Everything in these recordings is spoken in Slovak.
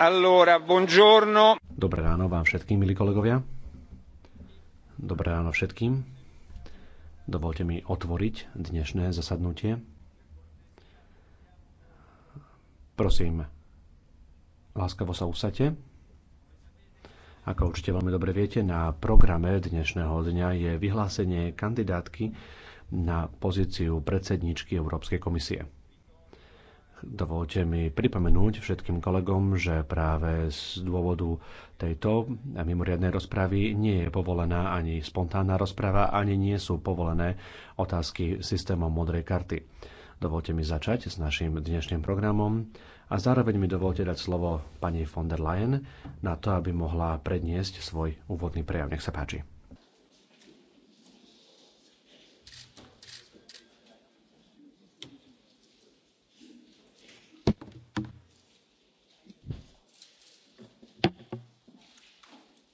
Allora, buongiorno. Dobré ráno vám všetkým, milí kolegovia. Dobré ráno všetkým. Dovolte mi otvoriť dnešné zasadnutie. Prosím, láskavo sa usadte. Ako určite veľmi dobre viete, na programe dnešného dňa je vyhlásenie kandidátky na pozíciu predsedničky Európskej komisie. Dovolte mi pripomenúť všetkým kolegom, že práve z dôvodu tejto mimoriadnej rozpravy nie je povolená ani spontánna rozprava, ani nie sú povolené otázky systémom modrej karty. Dovolte mi začať s našim dnešným programom a zároveň mi dovolte dať slovo pani von der Leyen na to, aby mohla predniesť svoj úvodný prejav. Nech sa páči.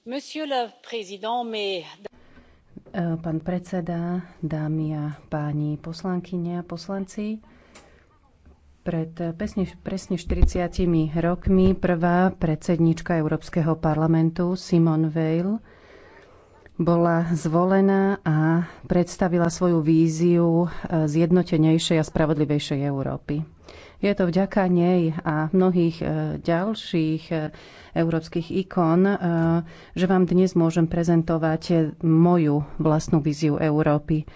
E, pán predseda, dámy a páni poslankyne a poslanci, pred presne, presne 40 rokmi prvá predsednička Európskeho parlamentu Simone Veil bola zvolená a predstavila svoju víziu e, zjednotenejšej a spravodlivejšej Európy. Je to vďaka nej a mnohých e, ďalších e, európskych ikon, že vám dnes môžem prezentovať moju vlastnú víziu Európy.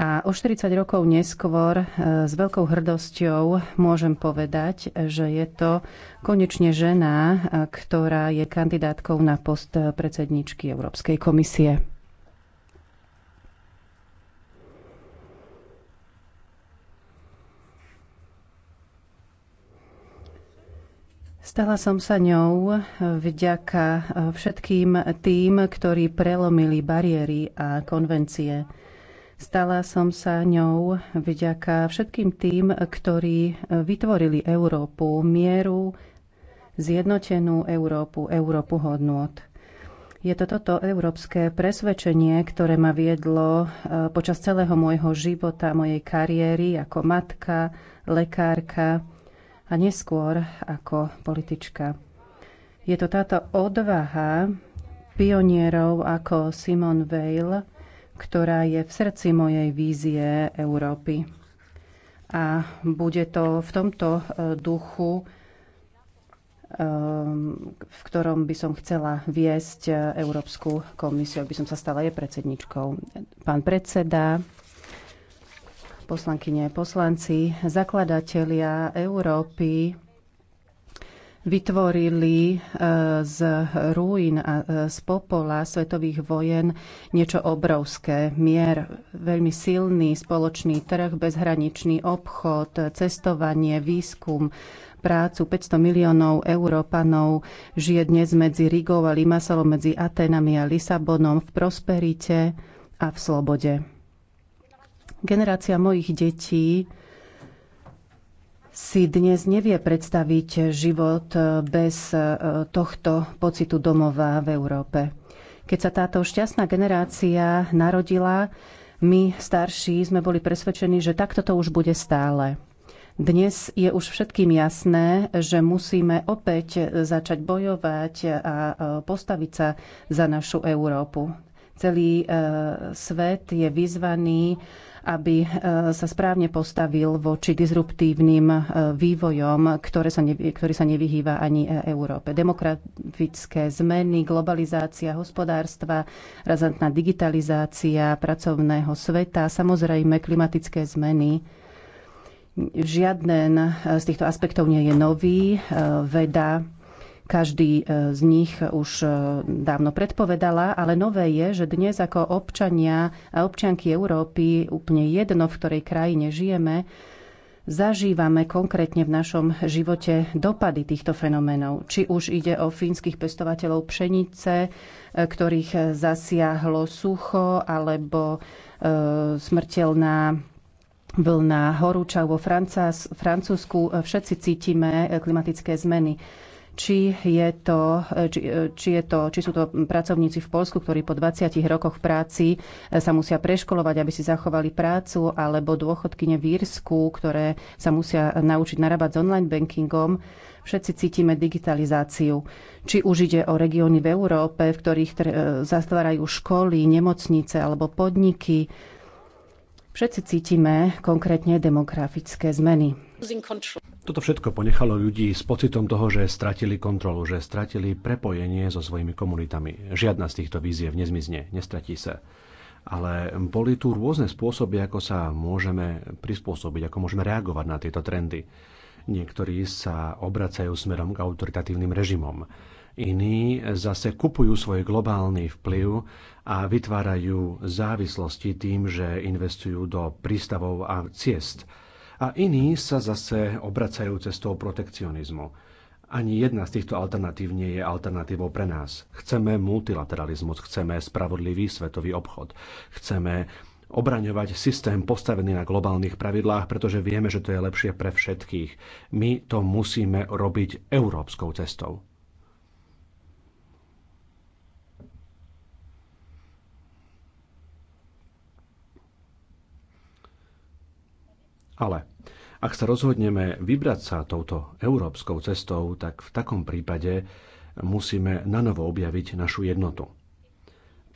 A o 40 rokov neskôr e, s veľkou hrdosťou môžem povedať, že je to konečne žena, e, ktorá je kandidátkou na post predsedničky Európskej komisie. Stala som sa ňou e, vďaka všetkým tým, ktorí prelomili bariéry a konvencie Stala som sa ňou vďaka všetkým tým, ktorí e, vytvorili Európu, mieru, zjednotenú Európu, Európu hodnot. Je to toto európske presvedčenie, ktoré ma viedlo e, počas celého môjho života, mojej kariéry ako matka, lekárka a neskôr ako politička. Je to táto odvaha pionierov ako Simon Weil, ktorá je v srdci mojej vízie Európy. A bude to v tomto e, duchu, e, v ktorom by som chcela viesť e, Európsku komisiu, aby som sa stala jej predsedničkou. Pán predseda, poslankyne, poslanci, zakladatelia Európy vytvorili e, z ruín a e, z popola svetových vojen niečo obrovské. Mier, veľmi silný spoločný trh, bezhraničný obchod, cestovanie, výskum, prácu 500 miliónov Európanov žije dnes medzi Rigou a Limasolom, medzi Atenami a Lisabonom v prosperite a v slobode. Generácia mojich detí si dnes nevie predstaviť život e, bez e, tohto pocitu domova v Európe. Keď sa táto šťastná generácia narodila, my starší sme boli presvedčení, že takto to už bude stále. Dnes je už všetkým jasné, že musíme opäť začať bojovať a e, postaviť sa za našu Európu. Celý svet je vyzvaný aby e, sa správne postavil voči disruptívnym e, vývojom, ktoré sa nevy, ktorý sa nevyhýva ani e, Európe. Demografické zmeny, globalizácia hospodárstva, razantná digitalizácia pracovného sveta, samozrejme klimatické zmeny. Žiaden z týchto aspektov nie je nový. Veda každý e, z nich už e, dávno predpovedala, ale nové je, že dnes ako občania a občianky Európy, úplne jedno, v ktorej krajine žijeme, zažívame konkrétne v našom živote dopady týchto fenoménov. Či už ide o fínskych pestovateľov pšenice, e, ktorých zasiahlo sucho, alebo e, smrteľná vlna horúča vo Francúzsku. Všetci cítime klimatické zmeny či, je to, či, či, je to, či sú to pracovníci v Polsku, ktorí po 20 rokoch práci e, sa musia preškolovať, aby si zachovali prácu, alebo dôchodkyne v Írsku, ktoré sa musia naučiť narábať s online bankingom. Všetci cítime digitalizáciu. Či už ide o regióny v Európe, v ktorých e, zastvárajú školy, nemocnice alebo podniky, Všetci cítime konkrétne demografické zmeny. Toto všetko ponechalo ľudí s pocitom toho, že stratili kontrolu, že stratili prepojenie so svojimi komunitami. Žiadna z týchto víziev nezmizne, nestratí sa. Ale boli tu rôzne spôsoby, ako sa môžeme prispôsobiť, ako môžeme reagovať na tieto trendy. Niektorí sa obracajú smerom k autoritatívnym režimom. Iní zase kupujú svoj globálny vplyv a vytvárajú závislosti tým, že investujú do prístavov a ciest. A iní sa zase obracajú cestou protekcionizmu. Ani jedna z týchto alternatív nie je alternatívou pre nás. Chceme multilateralizmus, chceme spravodlivý svetový obchod, chceme obraňovať systém postavený na globálnych pravidlách, pretože vieme, že to je lepšie pre všetkých. My to musíme robiť európskou cestou. Ale ak sa rozhodneme vybrať sa touto európskou cestou, tak v takom prípade musíme nanovo objaviť našu jednotu.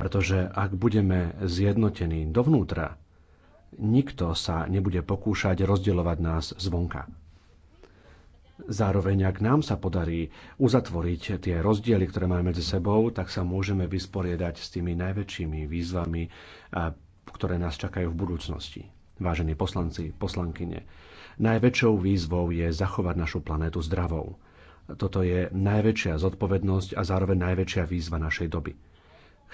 Pretože ak budeme zjednotení dovnútra, nikto sa nebude pokúšať rozdielovať nás zvonka. Zároveň, ak nám sa podarí uzatvoriť tie rozdiely, ktoré máme medzi sebou, tak sa môžeme vysporiadať s tými najväčšími výzvami, ktoré nás čakajú v budúcnosti vážení poslanci, poslankyne. Najväčšou výzvou je zachovať našu planétu zdravou. Toto je najväčšia zodpovednosť a zároveň najväčšia výzva našej doby.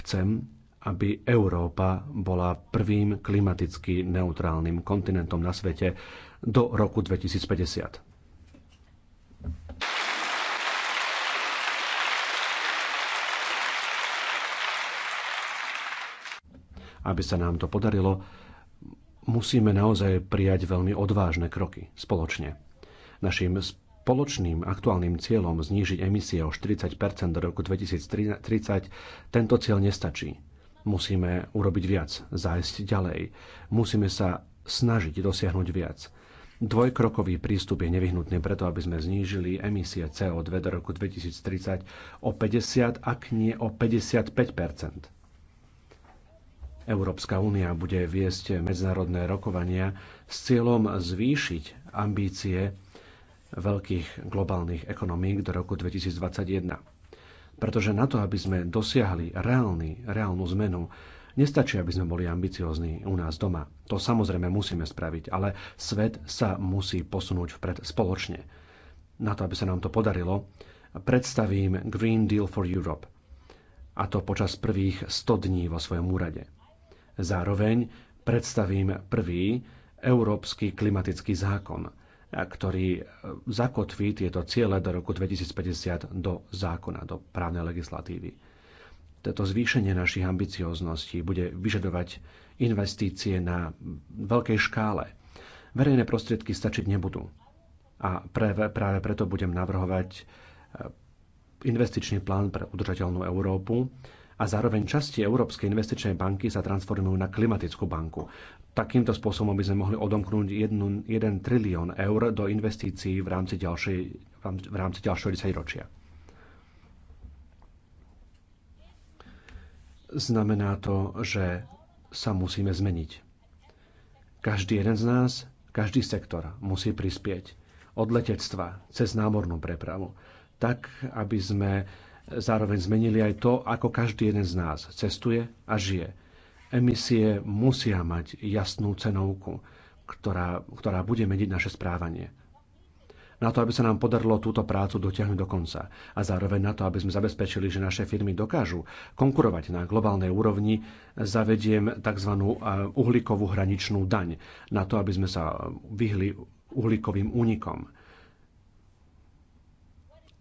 Chcem, aby Európa bola prvým klimaticky neutrálnym kontinentom na svete do roku 2050. Aby sa nám to podarilo, musíme naozaj prijať veľmi odvážne kroky spoločne. Našim spoločným aktuálnym cieľom znížiť emisie o 40 do roku 2030 tento cieľ nestačí. Musíme urobiť viac, zájsť ďalej. Musíme sa snažiť dosiahnuť viac. Dvojkrokový prístup je nevyhnutný preto, aby sme znížili emisie CO2 do roku 2030 o 50, ak nie o 55 Európska únia bude viesť medzinárodné rokovania s cieľom zvýšiť ambície veľkých globálnych ekonomík do roku 2021. Pretože na to, aby sme dosiahli reálny, reálnu zmenu, nestačí, aby sme boli ambiciozní u nás doma. To samozrejme musíme spraviť, ale svet sa musí posunúť vpred spoločne. Na to, aby sa nám to podarilo, predstavím Green Deal for Europe. A to počas prvých 100 dní vo svojom úrade. Zároveň predstavím prvý Európsky klimatický zákon, ktorý zakotví tieto ciele do roku 2050 do zákona, do právnej legislatívy. Toto zvýšenie našich ambiciozností bude vyžadovať investície na veľkej škále. Verejné prostriedky stačiť nebudú. A práve, práve preto budem navrhovať eh, investičný plán pre udržateľnú Európu, a zároveň časti Európskej investičnej banky sa transformujú na klimatickú banku. Takýmto spôsobom by sme mohli odomknúť 1, trilión eur do investícií v rámci, ďalšej, v rámci ďalšieho 10 ročia. Znamená to, že sa musíme zmeniť. Každý jeden z nás, každý sektor musí prispieť. Od letectva cez námornú prepravu. Tak, aby sme Zároveň zmenili aj to, ako každý jeden z nás cestuje a žije. Emisie musia mať jasnú cenovku, ktorá, ktorá bude meniť naše správanie na to, aby sa nám podarilo túto prácu dotiahnuť do konca a zároveň na to, aby sme zabezpečili, že naše firmy dokážu konkurovať na globálnej úrovni, zavediem tzv. E, uhlíkovú hraničnú daň na to, aby sme sa vyhli uhlíkovým únikom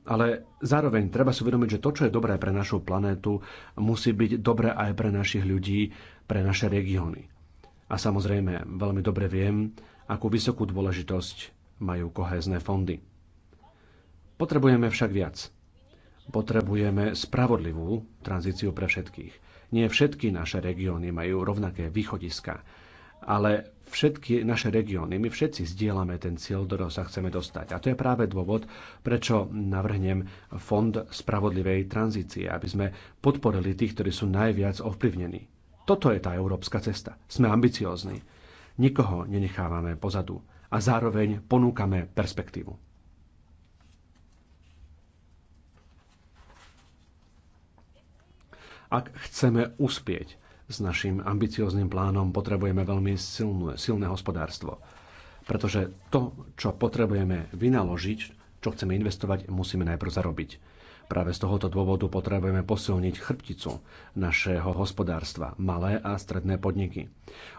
ale zároveň treba si uvedomiť, že to, čo je dobré pre našu planétu, musí byť dobré aj pre našich ľudí, pre naše regióny. A samozrejme, veľmi dobre viem, akú vysokú dôležitosť majú kohézne fondy. Potrebujeme však viac. Potrebujeme spravodlivú tranzíciu pre všetkých. Nie všetky naše regióny majú rovnaké východiska ale všetky naše regióny, my všetci zdieľame ten cieľ, do ktorého sa chceme dostať. A to je práve dôvod, prečo navrhnem Fond spravodlivej tranzície, aby sme podporili tých, ktorí sú najviac ovplyvnení. Toto je tá európska cesta. Sme ambiciózni. Nikoho nenechávame pozadu a zároveň ponúkame perspektívu. Ak chceme uspieť, s našim ambicióznym plánom potrebujeme veľmi silné, silné hospodárstvo. Pretože to, čo potrebujeme vynaložiť, čo chceme investovať, musíme najprv zarobiť. Práve z tohoto dôvodu potrebujeme posilniť chrbticu našeho hospodárstva, malé a stredné podniky.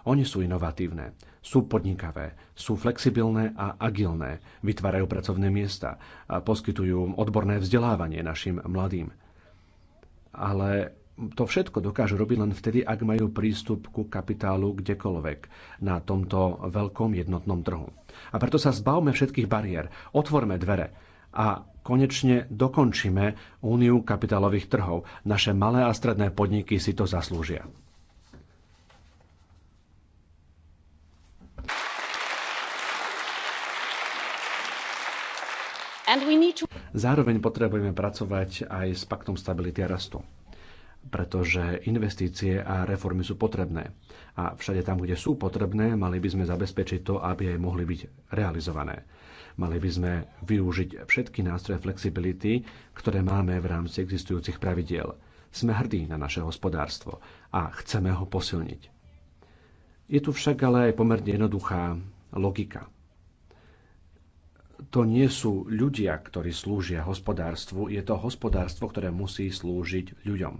Oni sú inovatívne, sú podnikavé, sú flexibilné a agilné, vytvárajú pracovné miesta a poskytujú odborné vzdelávanie našim mladým. Ale to všetko dokážu robiť len vtedy, ak majú prístup ku kapitálu kdekoľvek na tomto veľkom jednotnom trhu. A preto sa zbavme všetkých bariér, otvorme dvere a konečne dokončíme úniu kapitálových trhov. Naše malé a stredné podniky si to zaslúžia. Zároveň potrebujeme pracovať aj s paktom stability a rastu pretože investície a reformy sú potrebné. A všade tam, kde sú potrebné, mali by sme zabezpečiť to, aby aj mohli byť realizované. Mali by sme využiť všetky nástroje flexibility, ktoré máme v rámci existujúcich pravidiel. Sme hrdí na naše hospodárstvo a chceme ho posilniť. Je tu však ale aj pomerne jednoduchá logika to nie sú ľudia, ktorí slúžia hospodárstvu, je to hospodárstvo, ktoré musí slúžiť ľuďom.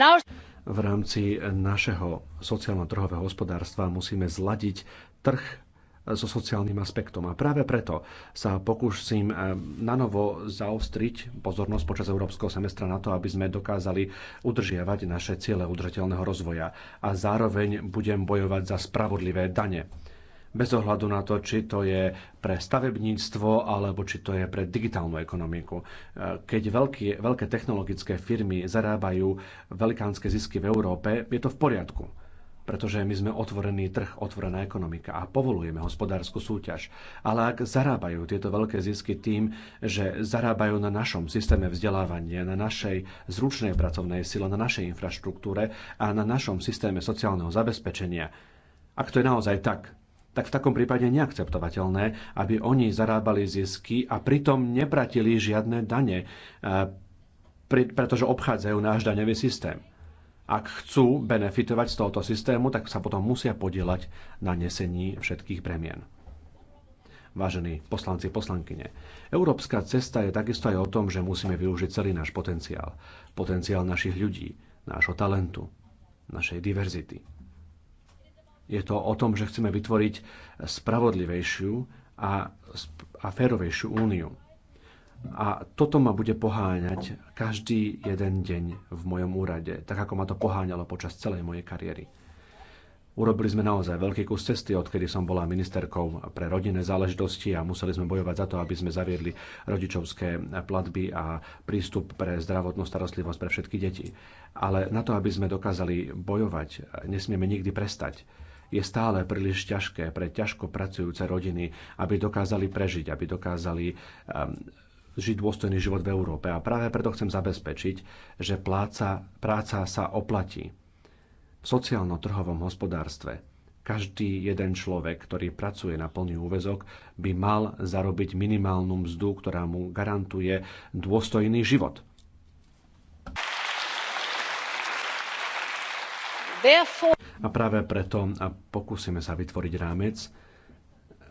V rámci našeho sociálno-trhového hospodárstva musíme zladiť trh so sociálnym aspektom. A práve preto sa pokúsim eh, nanovo zaostriť pozornosť počas európskeho semestra na to, aby sme dokázali udržiavať naše ciele udržateľného rozvoja. A zároveň budem bojovať za spravodlivé dane bez ohľadu na to, či to je pre stavebníctvo alebo či to je pre digitálnu ekonomiku. E, keď veľký, veľké technologické firmy zarábajú velikánske zisky v Európe, je to v poriadku pretože my sme otvorený trh, otvorená ekonomika a povolujeme hospodárskú súťaž. Ale ak zarábajú tieto veľké zisky tým, že zarábajú na našom systéme vzdelávania, na našej zručnej pracovnej sile, na našej infraštruktúre a na našom systéme sociálneho zabezpečenia, ak to je naozaj tak, tak v takom prípade neakceptovateľné, aby oni zarábali zisky a pritom nepratili žiadne dane, e, pretože obchádzajú náš daňový systém. Ak chcú benefitovať z tohoto systému, tak sa potom musia podielať na nesení všetkých bremien vážení poslanci, poslankyne. Európska cesta je takisto aj o tom, že musíme využiť celý náš potenciál. Potenciál našich ľudí, nášho talentu, našej diverzity. Je to o tom, že chceme vytvoriť spravodlivejšiu a, a férovejšiu úniu. A toto ma bude poháňať každý jeden deň v mojom úrade, tak ako ma to poháňalo počas celej mojej kariéry. Urobili sme naozaj veľký kus cesty, odkedy som bola ministerkou pre rodinné záležitosti a museli sme bojovať za to, aby sme zaviedli rodičovské platby a prístup pre zdravotnú starostlivosť pre všetky deti. Ale na to, aby sme dokázali bojovať, nesmieme nikdy prestať je stále príliš ťažké pre ťažko pracujúce rodiny, aby dokázali prežiť, aby dokázali ehm, žiť dôstojný život v Európe. A práve preto chcem zabezpečiť, že pláca, práca sa oplatí. V sociálno-trhovom hospodárstve každý jeden človek, ktorý pracuje na plný úvezok, by mal zarobiť minimálnu mzdu, ktorá mu garantuje dôstojný život. Therefore... A práve preto pokúsime sa vytvoriť rámec,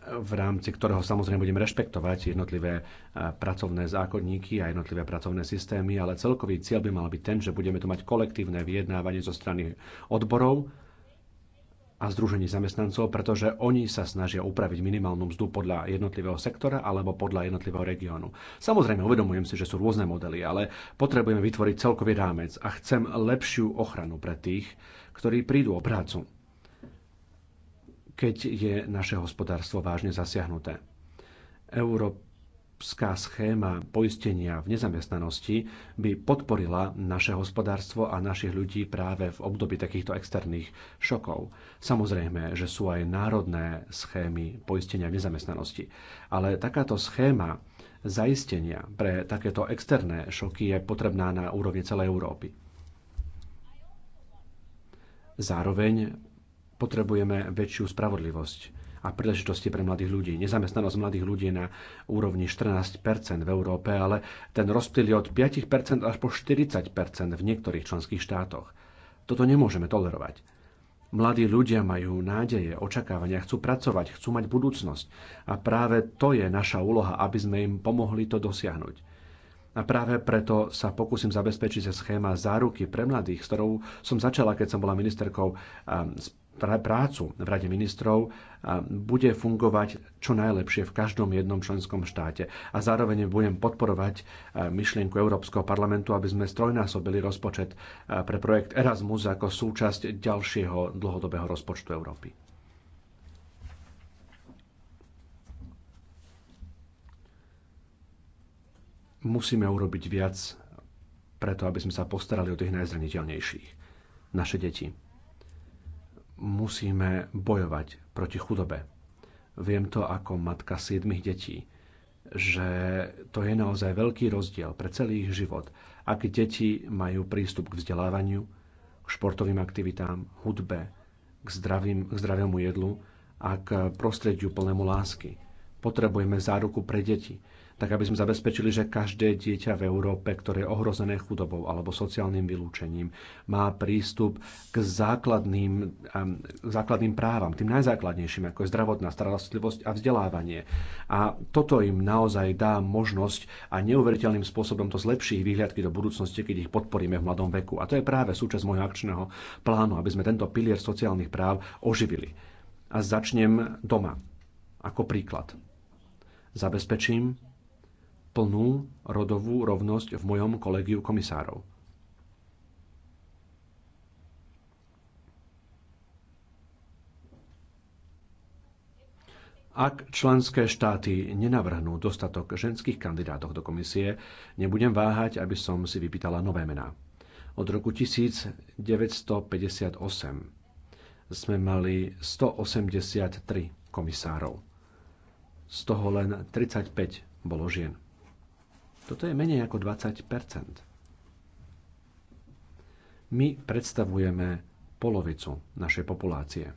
v rámci ktorého samozrejme budeme rešpektovať jednotlivé e, pracovné zákonníky a jednotlivé pracovné systémy, ale celkový cieľ by mal byť ten, že budeme tu mať kolektívne vyjednávanie zo strany odborov a združení zamestnancov, pretože oni sa snažia upraviť minimálnu mzdu podľa jednotlivého sektora alebo podľa jednotlivého regiónu. Samozrejme, uvedomujem si, že sú rôzne modely, ale potrebujeme vytvoriť celkový rámec a chcem lepšiu ochranu pre tých, ktorí prídu o prácu, keď je naše hospodárstvo vážne zasiahnuté. Európska schéma poistenia v nezamestnanosti by podporila naše hospodárstvo a našich ľudí práve v období takýchto externých šokov. Samozrejme, že sú aj národné schémy poistenia v nezamestnanosti, ale takáto schéma zaistenia pre takéto externé šoky je potrebná na úrovni celej Európy. Zároveň potrebujeme väčšiu spravodlivosť a príležitosti pre mladých ľudí. Nezamestnanosť mladých ľudí je na úrovni 14 v Európe, ale ten rozptyl je od 5 až po 40 v niektorých členských štátoch. Toto nemôžeme tolerovať. Mladí ľudia majú nádeje, očakávania, chcú pracovať, chcú mať budúcnosť. A práve to je naša úloha, aby sme im pomohli to dosiahnuť. A práve preto sa pokúsim zabezpečiť sa schéma záruky pre mladých, s ktorou som začala, keď som bola ministerkou prácu v Rade ministrov bude fungovať čo najlepšie v každom jednom členskom štáte. A zároveň budem podporovať myšlienku Európskeho parlamentu, aby sme strojnásobili rozpočet pre projekt Erasmus ako súčasť ďalšieho dlhodobého rozpočtu Európy. musíme urobiť viac preto, aby sme sa postarali o tých najzraniteľnejších, naše deti. Musíme bojovať proti chudobe. Viem to ako matka siedmých detí, že to je naozaj veľký rozdiel pre celý ich život, ak deti majú prístup k vzdelávaniu, k športovým aktivitám, hudbe, k, zdravým, k zdravému jedlu a k prostrediu plnému lásky. Potrebujeme záruku pre deti, tak aby sme zabezpečili, že každé dieťa v Európe, ktoré je ohrozené chudobou alebo sociálnym vylúčením, má prístup k základným, k základným právam, tým najzákladnejším, ako je zdravotná starostlivosť a vzdelávanie. A toto im naozaj dá možnosť a neuveriteľným spôsobom to zlepší ich výhľadky do budúcnosti, keď ich podporíme v mladom veku. A to je práve súčasť môjho akčného plánu, aby sme tento pilier sociálnych práv oživili. A začnem doma. Ako príklad. Zabezpečím, plnú rodovú rovnosť v mojom kolegiu komisárov. Ak členské štáty nenavrhnú dostatok ženských kandidátov do komisie, nebudem váhať, aby som si vypýtala nové mená. Od roku 1958 sme mali 183 komisárov. Z toho len 35 bolo žien. Toto je menej ako 20 My predstavujeme polovicu našej populácie.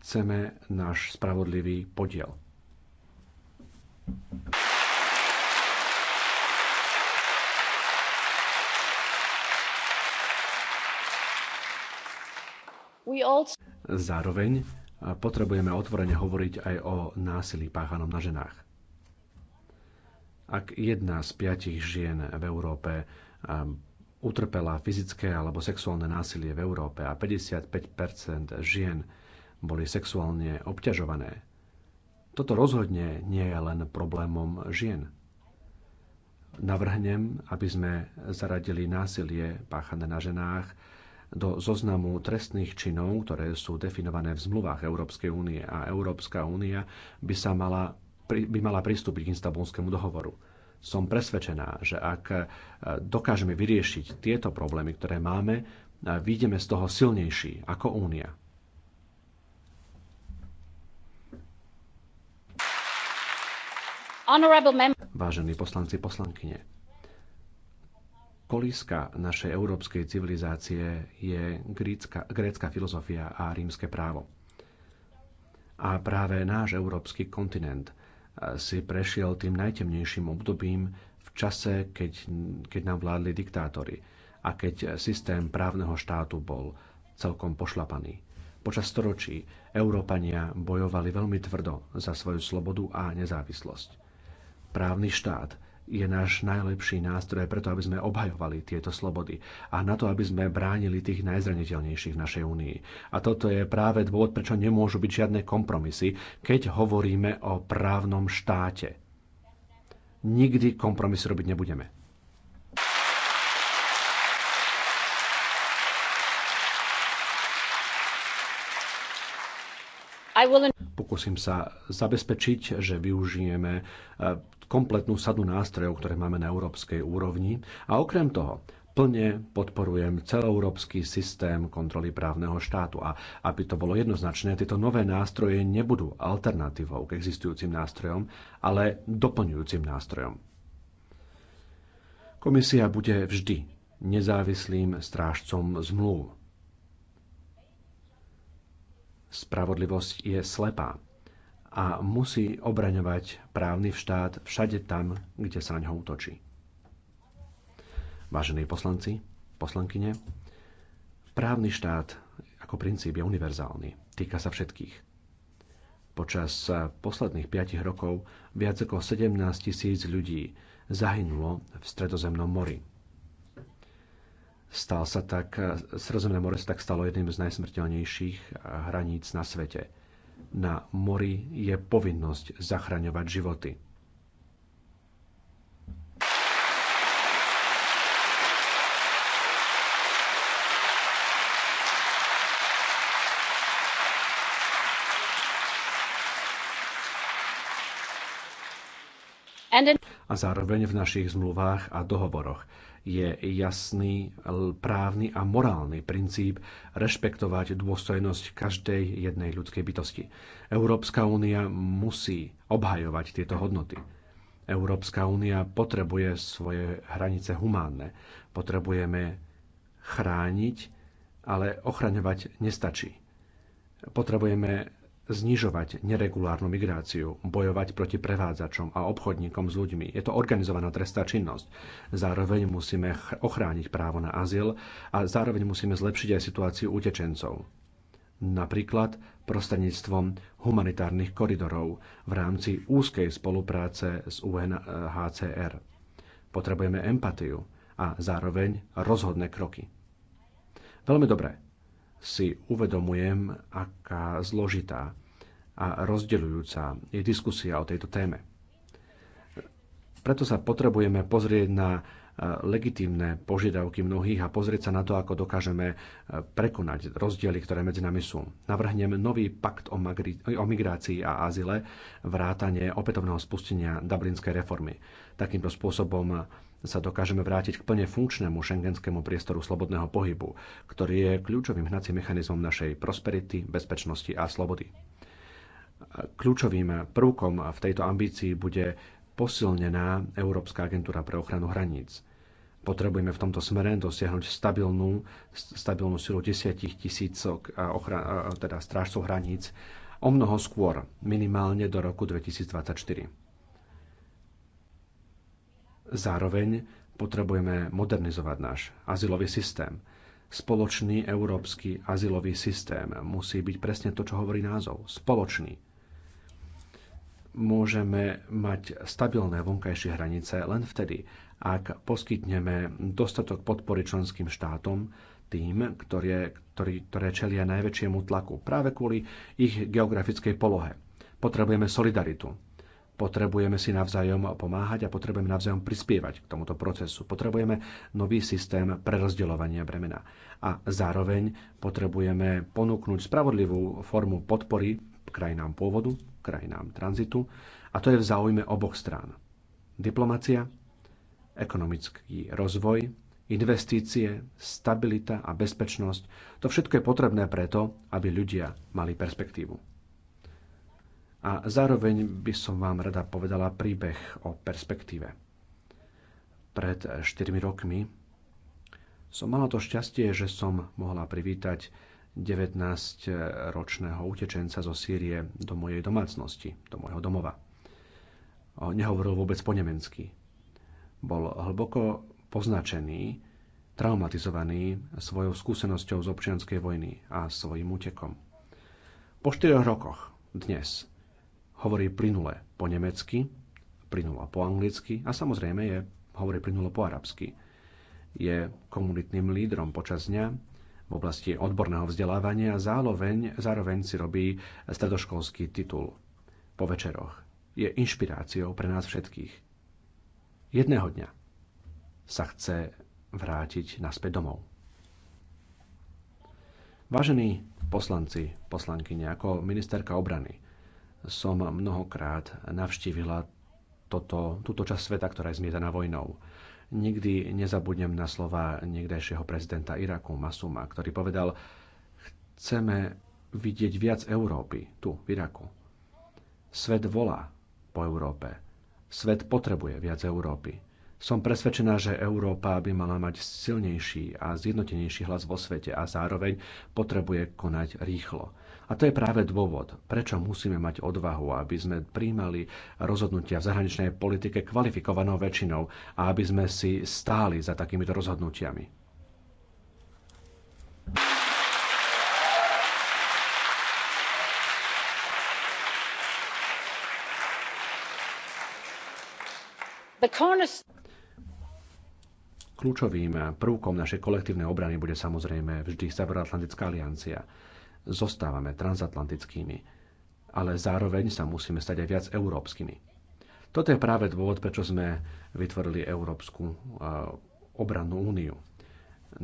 Chceme náš spravodlivý podiel. Zároveň potrebujeme otvorene hovoriť aj o násilí páchanom na ženách ak jedna z piatich žien v Európe ehm, utrpela fyzické alebo sexuálne násilie v Európe a 55 žien boli sexuálne obťažované. Toto rozhodne nie je len problémom žien. Navrhnem, aby sme zaradili násilie páchané na ženách do zoznamu trestných činov, ktoré sú definované v zmluvách Európskej únie a Európska únia by sa mala by mala pristúpiť k istambulskému dohovoru. Som presvedčená, že ak e, dokážeme vyriešiť tieto problémy, ktoré máme, e, výjdeme z toho silnejší ako Únia. Vážení poslanci, poslankyne, kolíska našej európskej civilizácie je grécka, grécka filozofia a rímske právo. A práve náš európsky kontinent si prešiel tým najtemnejším obdobím v čase, keď, keď nám vládli diktátori a keď systém právneho štátu bol celkom pošlapaný. Počas storočí Európania bojovali veľmi tvrdo za svoju slobodu a nezávislosť. Právny štát – je náš najlepší nástroj preto, aby sme obhajovali tieto slobody a na to, aby sme bránili tých najzraniteľnejších v našej únii. A toto je práve dôvod, prečo nemôžu byť žiadne kompromisy, keď hovoríme o právnom štáte. Nikdy kompromis robiť nebudeme. Pokúsim sa zabezpečiť, že využijeme e, kompletnú sadu nástrojov, ktoré máme na európskej úrovni. A okrem toho, plne podporujem celoeurópsky systém kontroly právneho štátu a aby to bolo jednoznačné, tieto nové nástroje nebudú alternatívou k existujúcim nástrojom, ale doplňujúcim nástrojom. Komisia bude vždy nezávislým strážcom zmluv Spravodlivosť je slepá a musí obraňovať právny štát všade tam, kde sa na ňo útočí. Vážení poslanci, poslankyne, právny štát ako princíp je univerzálny. Týka sa všetkých. Počas posledných 5 rokov viac ako 17 tisíc ľudí zahynulo v Stredozemnom mori stal sa tak, e, Sredozemné more sa tak stalo jedným z najsmrteľnejších hraníc na svete. Na mori je povinnosť zachraňovať životy. a zároveň v našich zmluvách a dohovoroch je jasný právny a morálny princíp rešpektovať dôstojnosť každej jednej ľudskej bytosti. Európska únia musí obhajovať tieto hodnoty. Európska únia potrebuje svoje hranice humánne. Potrebujeme chrániť, ale ochraňovať nestačí. Potrebujeme znižovať neregulárnu migráciu, bojovať proti prevádzačom a obchodníkom s ľuďmi. Je to organizovaná trestná činnosť. Zároveň musíme ochrániť právo na azyl a zároveň musíme zlepšiť aj situáciu utečencov. Napríklad prostredníctvom humanitárnych koridorov v rámci úzkej spolupráce s UNHCR. Potrebujeme empatiu a zároveň rozhodné kroky. Veľmi dobré si uvedomujem, aká zložitá a rozdeľujúca je diskusia o tejto téme. Preto sa potrebujeme pozrieť na e, legitímne požiadavky mnohých a pozrieť sa na to, ako dokážeme e, prekonať rozdiely, ktoré medzi nami sú. Navrhnem nový pakt o, o migrácii a azile, vrátanie opätovného spustenia dublinskej reformy. Takýmto spôsobom sa dokážeme vrátiť k plne funkčnému šengenskému priestoru slobodného pohybu, ktorý je kľúčovým hnacím mechanizmom našej prosperity, bezpečnosti a slobody. Kľúčovým prvkom v tejto ambícii bude posilnená Európska agentúra pre ochranu hraníc. Potrebujeme v tomto smere dosiahnuť stabilnú, stabilnú silu desiatich tisícok ochra, teda strážcov hraníc o mnoho skôr, minimálne do roku 2024. Zároveň potrebujeme modernizovať náš azylový systém. Spoločný európsky azylový systém musí byť presne to, čo hovorí názov. Spoločný. Môžeme mať stabilné vonkajšie hranice len vtedy, ak poskytneme dostatok podpory členským štátom, tým, ktoré, ktoré, ktoré čelia najväčšiemu tlaku práve kvôli ich geografickej polohe. Potrebujeme solidaritu Potrebujeme si navzájom pomáhať a potrebujeme navzájom prispievať k tomuto procesu. Potrebujeme nový systém prerozdeľovania bremena. A zároveň potrebujeme ponúknuť spravodlivú formu podpory krajinám pôvodu, krajinám tranzitu. A to je v záujme oboch strán. Diplomacia, ekonomický rozvoj, investície, stabilita a bezpečnosť. To všetko je potrebné preto, aby ľudia mali perspektívu a zároveň by som vám rada povedala príbeh o perspektíve. Pred 4 rokmi som mala to šťastie, že som mohla privítať 19-ročného utečenca zo Sýrie do mojej domácnosti, do môjho domova. Nehovoril vôbec po nemecky. Bol hlboko poznačený, traumatizovaný svojou skúsenosťou z občianskej vojny a svojim útekom. Po 4 rokoch, dnes, hovorí plynule po nemecky, plynulo po anglicky a samozrejme je, hovorí plynule po arabsky. Je komunitným lídrom počas dňa v oblasti odborného vzdelávania a zároveň, zároveň si robí stredoškolský titul. Po večeroch je inšpiráciou pre nás všetkých. Jedného dňa sa chce vrátiť naspäť domov. Vážení poslanci, poslanky, ako ministerka obrany – som mnohokrát navštívila toto, túto časť sveta, ktorá je zmietaná vojnou. Nikdy nezabudnem na slova niekdajšieho prezidenta Iraku Masuma, ktorý povedal, chceme vidieť viac Európy tu, v Iraku. Svet volá po Európe. Svet potrebuje viac Európy. Som presvedčená, že Európa by mala mať silnejší a zjednotenejší hlas vo svete a zároveň potrebuje konať rýchlo a to je práve dôvod, prečo musíme mať odvahu, aby sme príjmali rozhodnutia v zahraničnej politike kvalifikovanou väčšinou a aby sme si stáli za takýmito rozhodnutiami. Kľúčovým prvkom našej kolektívnej obrany bude samozrejme vždy Severoatlantická aliancia zostávame transatlantickými, ale zároveň sa musíme stať aj viac európskymi. Toto je práve dôvod, prečo sme vytvorili Európsku e, obrannú úniu.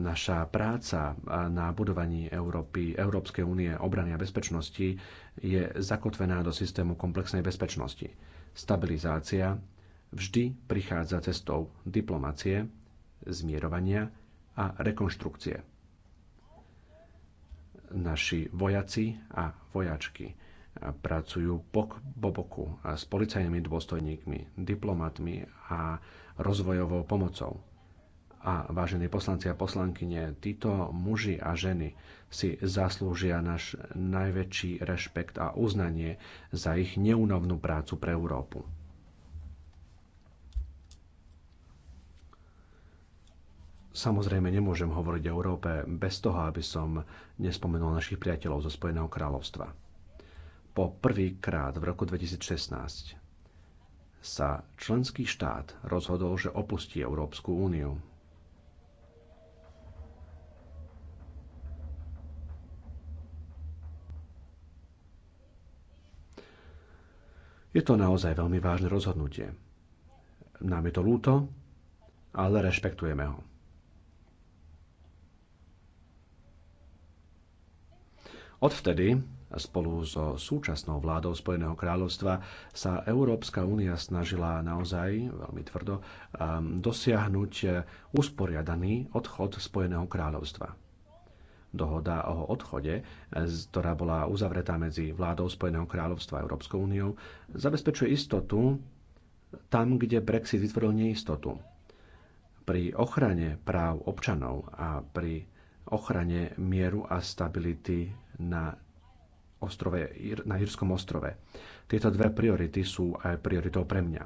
Naša práca e, na budovaní Európy, Európskej únie obrany a bezpečnosti je zakotvená do systému komplexnej bezpečnosti. Stabilizácia vždy prichádza cestou diplomácie, zmierovania a rekonštrukcie. Naši vojaci a vojačky pracujú bok po boku s policajnými dôstojníkmi, diplomatmi a rozvojovou pomocou. A vážení poslanci a poslankyne, títo muži a ženy si zaslúžia náš najväčší rešpekt a uznanie za ich neúnovnú prácu pre Európu. Samozrejme nemôžem hovoriť o Európe bez toho, aby som nespomenul našich priateľov zo Spojeného kráľovstva. Po krát v roku 2016 sa členský štát rozhodol, že opustí Európsku úniu. Je to naozaj veľmi vážne rozhodnutie. Nám je to lúto, ale rešpektujeme ho. Odvtedy spolu so súčasnou vládou Spojeného kráľovstva sa Európska únia snažila naozaj veľmi tvrdo um, dosiahnuť usporiadaný odchod Spojeného kráľovstva. Dohoda o odchode, ktorá bola uzavretá medzi vládou Spojeného kráľovstva a Európskou úniou, zabezpečuje istotu tam, kde Brexit vytvoril neistotu. Pri ochrane práv občanov a pri ochrane mieru a stability na ostrove, na Írskom ostrove. Tieto dve priority sú aj prioritou pre mňa.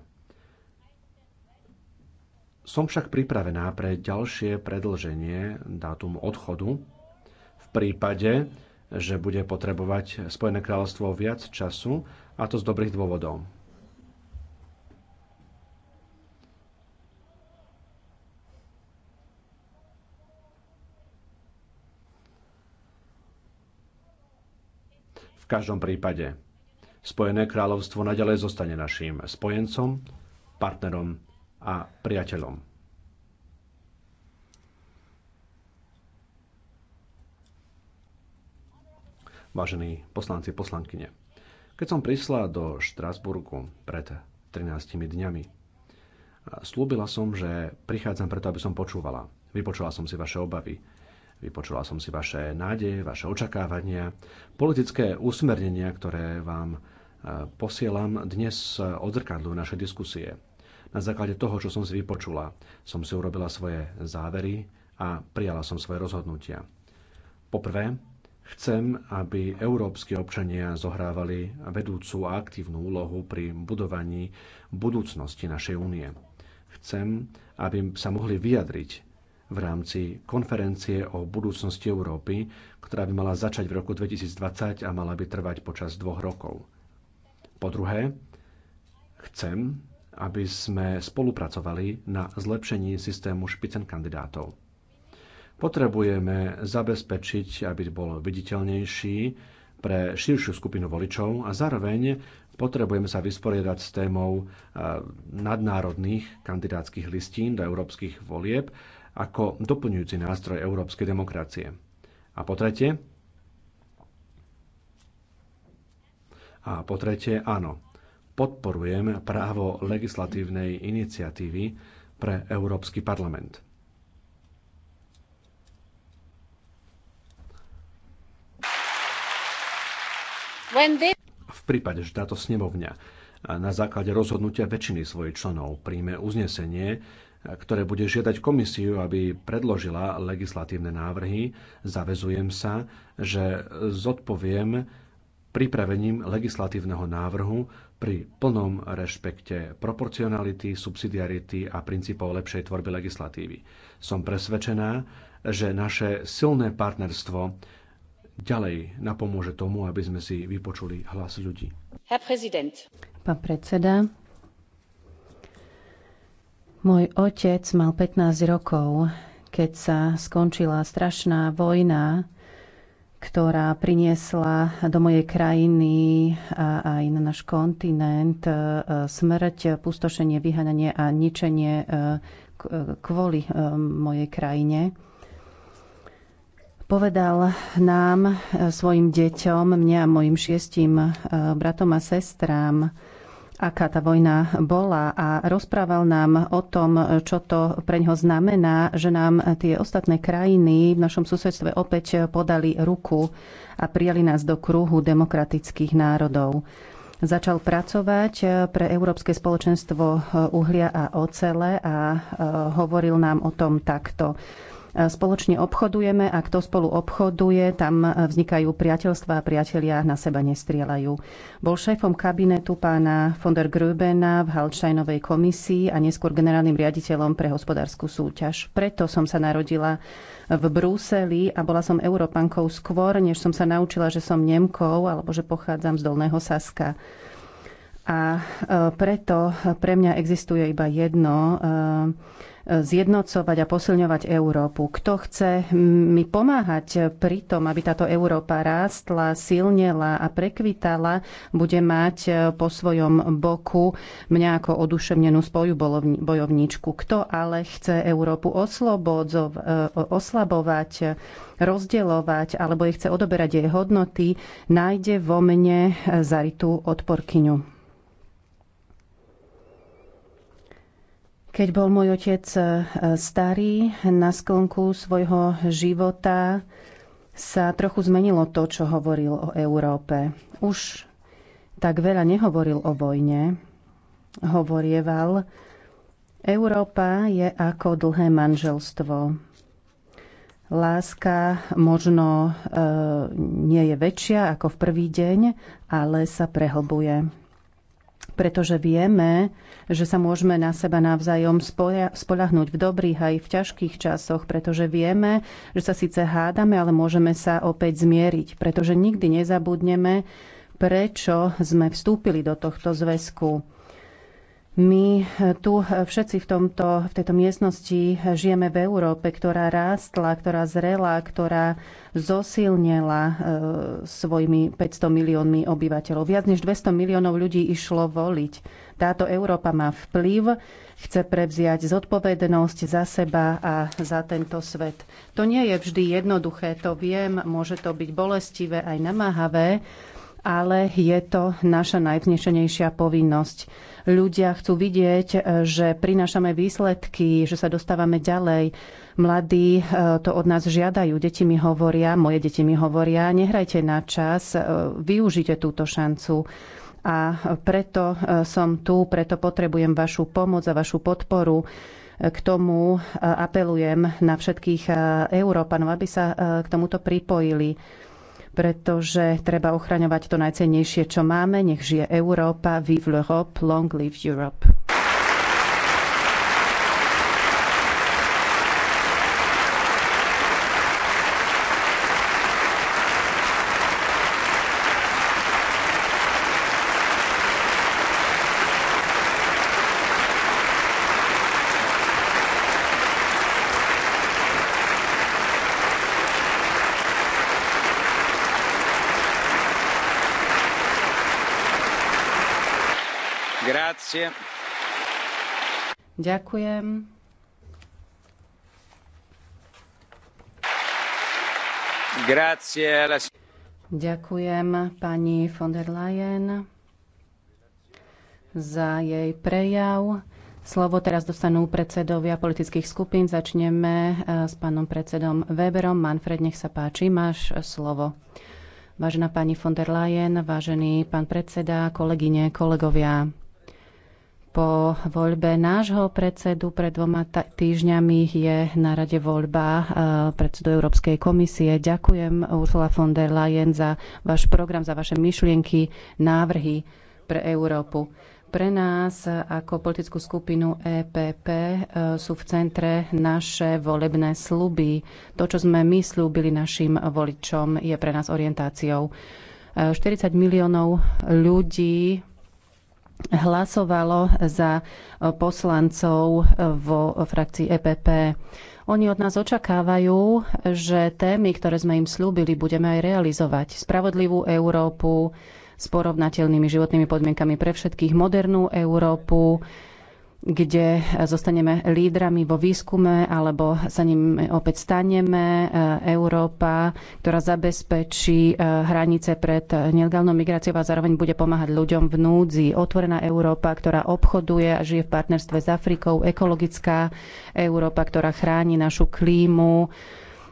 Som však pripravená pre ďalšie predlženie dátum odchodu v prípade, že bude potrebovať Spojené kráľovstvo viac času, a to z dobrých dôvodov. každom prípade Spojené kráľovstvo nadalej zostane našim spojencom, partnerom a priateľom. Vážení poslanci, poslankyne, keď som prišla do Štrasburgu pred 13 dňami, slúbila som, že prichádzam preto, aby som počúvala. Vypočula som si vaše obavy, Vypočula som si vaše nádeje, vaše očakávania, politické usmernenia, ktoré vám e, posielam, dnes e, odzrkadľujú naše diskusie. Na základe toho, čo som si vypočula, som si urobila svoje závery a prijala som svoje rozhodnutia. Poprvé, chcem, aby európsky občania zohrávali vedúcu a aktívnu úlohu pri budovaní budúcnosti našej únie. Chcem, aby sa mohli vyjadriť v rámci konferencie o budúcnosti Európy, ktorá by mala začať v roku 2020 a mala by trvať počas dvoch rokov. Po druhé, chcem, aby sme spolupracovali na zlepšení systému špicen kandidátov. Potrebujeme zabezpečiť, aby bol viditeľnejší pre širšiu skupinu voličov a zároveň potrebujeme sa vysporiadať s témou eh, nadnárodných kandidátskych listín do európskych volieb ako doplňujúci nástroj európskej demokracie. A po tretie, a po tretie, áno, podporujem právo legislatívnej iniciatívy pre Európsky parlament. V prípade, že táto snemovňa na základe rozhodnutia väčšiny svojich členov príjme uznesenie, ktoré bude žiadať komisiu, aby predložila legislatívne návrhy. Zavezujem sa, že zodpoviem pripravením legislatívneho návrhu pri plnom rešpekte proporcionality, subsidiarity a princípov lepšej tvorby legislatívy. Som presvedčená, že naše silné partnerstvo ďalej napomôže tomu, aby sme si vypočuli hlas ľudí. Pán predseda, môj otec mal 15 rokov, keď sa skončila strašná vojna, ktorá priniesla do mojej krajiny a aj na náš kontinent e, smrť, pustošenie, vyhananie a ničenie e, e, kvôli mojej krajine. Povedal nám, svojim deťom, mňa a mojim šiestim bratom a sestrám, aká tá vojna bola a rozprával nám o tom, čo to pre ňoho znamená, že nám tie ostatné krajiny v našom susedstve opäť podali ruku a prijali nás do kruhu demokratických národov. Začal pracovať pre Európske spoločenstvo uhlia a ocele a e, hovoril nám o tom takto spoločne obchodujeme a kto spolu obchoduje, tam vznikajú priateľstva a priatelia na seba nestrieľajú. Bol šéfom kabinetu pána von der Gröbena v Halčajnovej komisii a neskôr generálnym riaditeľom pre hospodárskú súťaž. Preto som sa narodila v Bruseli a bola som Európankou skôr, než som sa naučila, že som Nemkou alebo že pochádzam z Dolného Saska. A e, preto pre mňa existuje iba jedno e, zjednocovať a posilňovať Európu. Kto chce mi pomáhať pri tom, aby táto Európa rástla, silnela a prekvitala, bude mať e, po svojom boku mňa ako oduševnenú bojovníčku. Kto ale chce Európu e, oslabovať, rozdielovať alebo jej chce odoberať jej hodnoty, nájde vo mne e, zaritú odporkyňu. Keď bol môj otec e, starý, na sklonku svojho života sa trochu zmenilo to, čo hovoril o Európe. Už tak veľa nehovoril o vojne. Hovorieval, Európa je ako dlhé manželstvo. Láska možno e, nie je väčšia ako v prvý deň, ale sa prehlbuje pretože vieme, že sa môžeme na seba navzájom spolahnúť v dobrých aj v ťažkých časoch, pretože vieme, že sa síce hádame, ale môžeme sa opäť zmieriť, pretože nikdy nezabudneme, prečo sme vstúpili do tohto zväzku my eh, tu eh, všetci v, tomto, v tejto miestnosti eh, žijeme v Európe, ktorá rástla, ktorá zrela, ktorá zosilnela e, svojimi 500 miliónmi obyvateľov. Viac než 200 miliónov ľudí išlo voliť. Táto Európa má vplyv, chce prevziať zodpovednosť za seba a za tento svet. To nie je vždy jednoduché, to viem, môže to byť bolestivé aj namáhavé, ale je to naša najvznešenejšia povinnosť Ľudia chcú vidieť, e, že prinášame výsledky, že sa dostávame ďalej. Mladí e, to od nás žiadajú. Deti mi hovoria, moje deti mi hovoria, nehrajte na čas, e, využite túto šancu a preto som tu, preto potrebujem vašu pomoc a vašu podporu. K tomu apelujem na všetkých Európanov, aby sa k tomuto pripojili pretože treba ochraňovať to najcennejšie, čo máme. Nech žije Európa, vive l'Europe, long live Europe. Ďakujem. Grazie. Ďakujem pani von der Leyen za jej prejav. Slovo teraz dostanú predsedovia politických skupín. Začneme eh, s pánom predsedom Weberom. Manfred, nech sa páči, máš slovo. Vážená pani von der Leyen, vážený pán predseda, kolegyne, kolegovia. Po voľbe nášho predsedu pred dvoma týždňami je na rade voľba eh, predsedu Európskej komisie. Ďakujem Ursula von der Leyen za váš program, za vaše myšlienky, návrhy pre Európu. Pre nás eh, ako politickú skupinu EPP eh, sú v centre naše volebné sluby. To, čo sme my slúbili našim voličom, je pre nás orientáciou. 40 miliónov ľudí hlasovalo za eh, poslancov eh, vo frakcii EPP. Oni od nás očakávajú, že témy, ktoré sme im slúbili, budeme aj realizovať. Spravodlivú Európu s porovnateľnými životnými podmienkami pre všetkých, modernú Európu, kde zostaneme lídrami vo výskume alebo sa ním opäť staneme. Európa, ktorá zabezpečí eh, hranice pred nelegálnou migráciou a zároveň bude pomáhať ľuďom v núdzi. Otvorená Európa, ktorá obchoduje a žije v partnerstve s Afrikou. Ekologická Európa, ktorá chráni našu klímu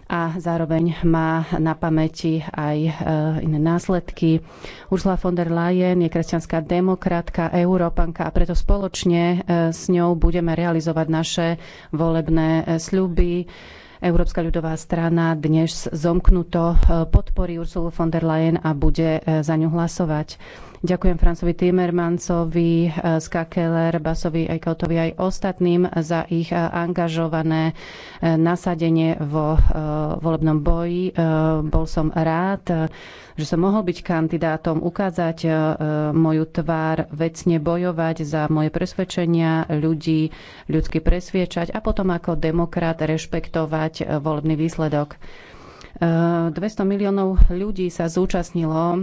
a zároveň má na pamäti aj e, iné následky. Ursula von der Leyen je kresťanská demokratka, európanka a preto spoločne e, s ňou budeme realizovať naše volebné e, sľuby. Európska ľudová strana dnes zomknuto podporí Ursulu von der Leyen a bude za ňu hlasovať. Ďakujem Francovi Timmermansovi, eh, Skakeler, Basovi Eichoutovi aj ostatným za ich eh, angažované eh, nasadenie vo volebnom boji. Bol som rád, že som mohol byť kandidátom, ukázať moju tvár, vecne bojovať za moje presvedčenia ľudí, ľudsky presviečať a potom ako demokrat rešpektovať volebný výsledok. 200 miliónov ľudí sa zúčastnilo e,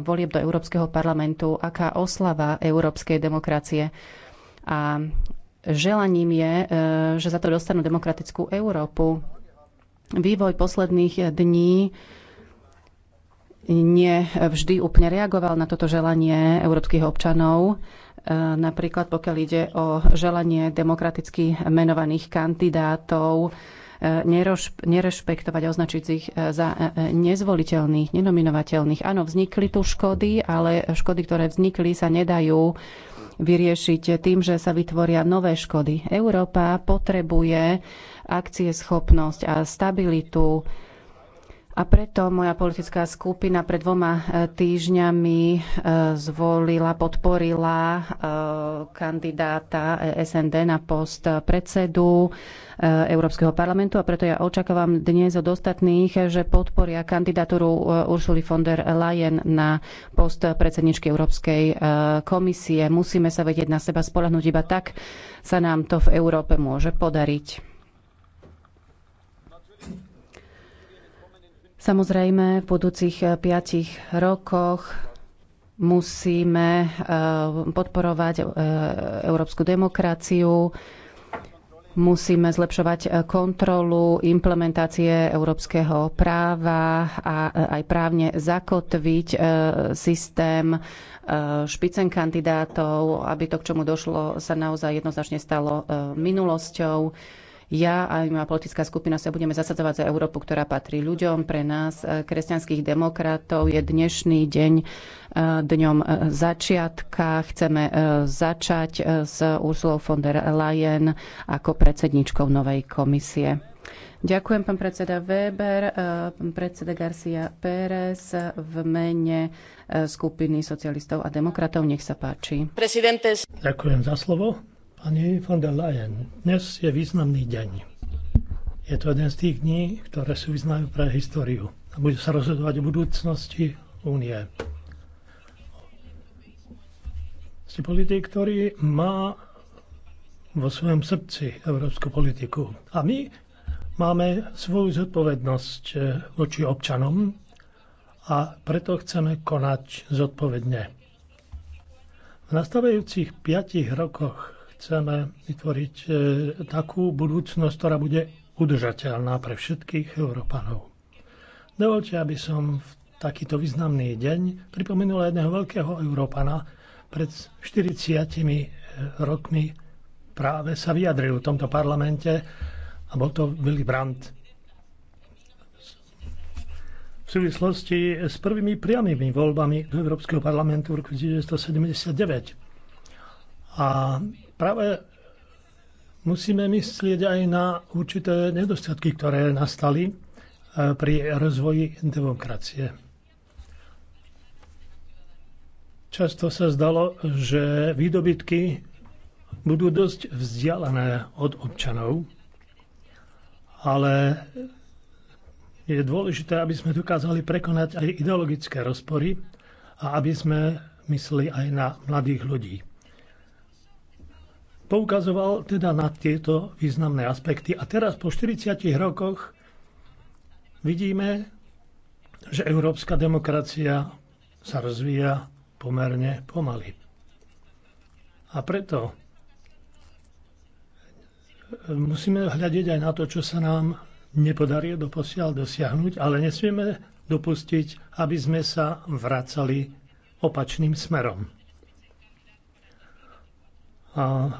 volieb do Európskeho parlamentu. Aká oslava európskej demokracie. A želaním je, e, že za to dostanú demokratickú Európu. Vývoj posledných dní nie vždy úplne reagoval na toto želanie európskych občanov. E, napríklad pokiaľ ide o želanie demokraticky menovaných kandidátov, nerešpektovať označiť ich e, za e, e, nezvoliteľných, nenominovateľných. Áno, vznikli tu škody, ale škody, ktoré vznikli, sa nedajú vyriešiť tým, že sa vytvoria nové škody. Európa potrebuje akcieschopnosť a stabilitu a preto moja politická skupina pred dvoma e, týždňami e, zvolila, podporila e, kandidáta SND na post predsedu Európskeho parlamentu a preto ja očakávam dnes od ostatných, že podporia kandidatúru Uršuly von der Leyen na post predsedničky Európskej komisie. Musíme sa vedieť na seba spolahnuť, iba tak sa nám to v Európe môže podariť. Samozrejme, v budúcich eh, piatich rokoch musíme eh, podporovať eh, európsku demokraciu, musíme zlepšovať kontrolu implementácie európskeho práva a aj právne zakotviť systém špicen kandidátov, aby to, k čomu došlo, sa naozaj jednoznačne stalo minulosťou. Ja a moja politická skupina sa budeme zasadzovať za Európu, ktorá patrí ľuďom. Pre nás, eh, kresťanských demokratov, je dnešný deň eh, dňom eh, začiatka. Chceme začať s Ursulou von der Leyen ako predsedničkou novej komisie. Ďakujem, pán predseda Weber, pán predseda Garcia Pérez v mene skupiny socialistov a demokratov. Nech sa páči. Ďakujem za slovo. Pani von der Leyen, dnes je významný deň. Je to jeden z tých dní, ktoré sú vyznajú pre históriu a bude sa rozhodovať o budúcnosti únie. Ste politik, ktorý má vo svojom srdci európsku politiku. A my máme svoju zodpovednosť eh, voči občanom a preto chceme konať zodpovedne. V nastavujúcich piatich rokoch Chceme vytvoriť e, takú budúcnosť, ktorá bude udržateľná pre všetkých Európanov. Dovolte, aby som v takýto významný deň pripomenul jedného veľkého Európana. Pred 40 e, rokmi práve sa vyjadril v tomto parlamente a bol to Willy Brandt. V súvislosti s prvými priamými voľbami do Európskeho parlamentu v roku 1979. A práve musíme myslieť aj na určité nedostatky, ktoré nastali e, pri rozvoji demokracie. Často sa zdalo, že výdobytky budú dosť vzdialené od občanov, ale je dôležité, aby sme dokázali prekonať aj ideologické rozpory a aby sme mysleli aj na mladých ľudí poukazoval teda na tieto významné aspekty. A teraz po 40 rokoch vidíme, že európska demokracia sa rozvíja pomerne pomaly. A preto musíme hľadiť aj na to, čo sa nám nepodarí doposiaľ dosiahnuť, ale nesmieme dopustiť, aby sme sa vracali opačným smerom. A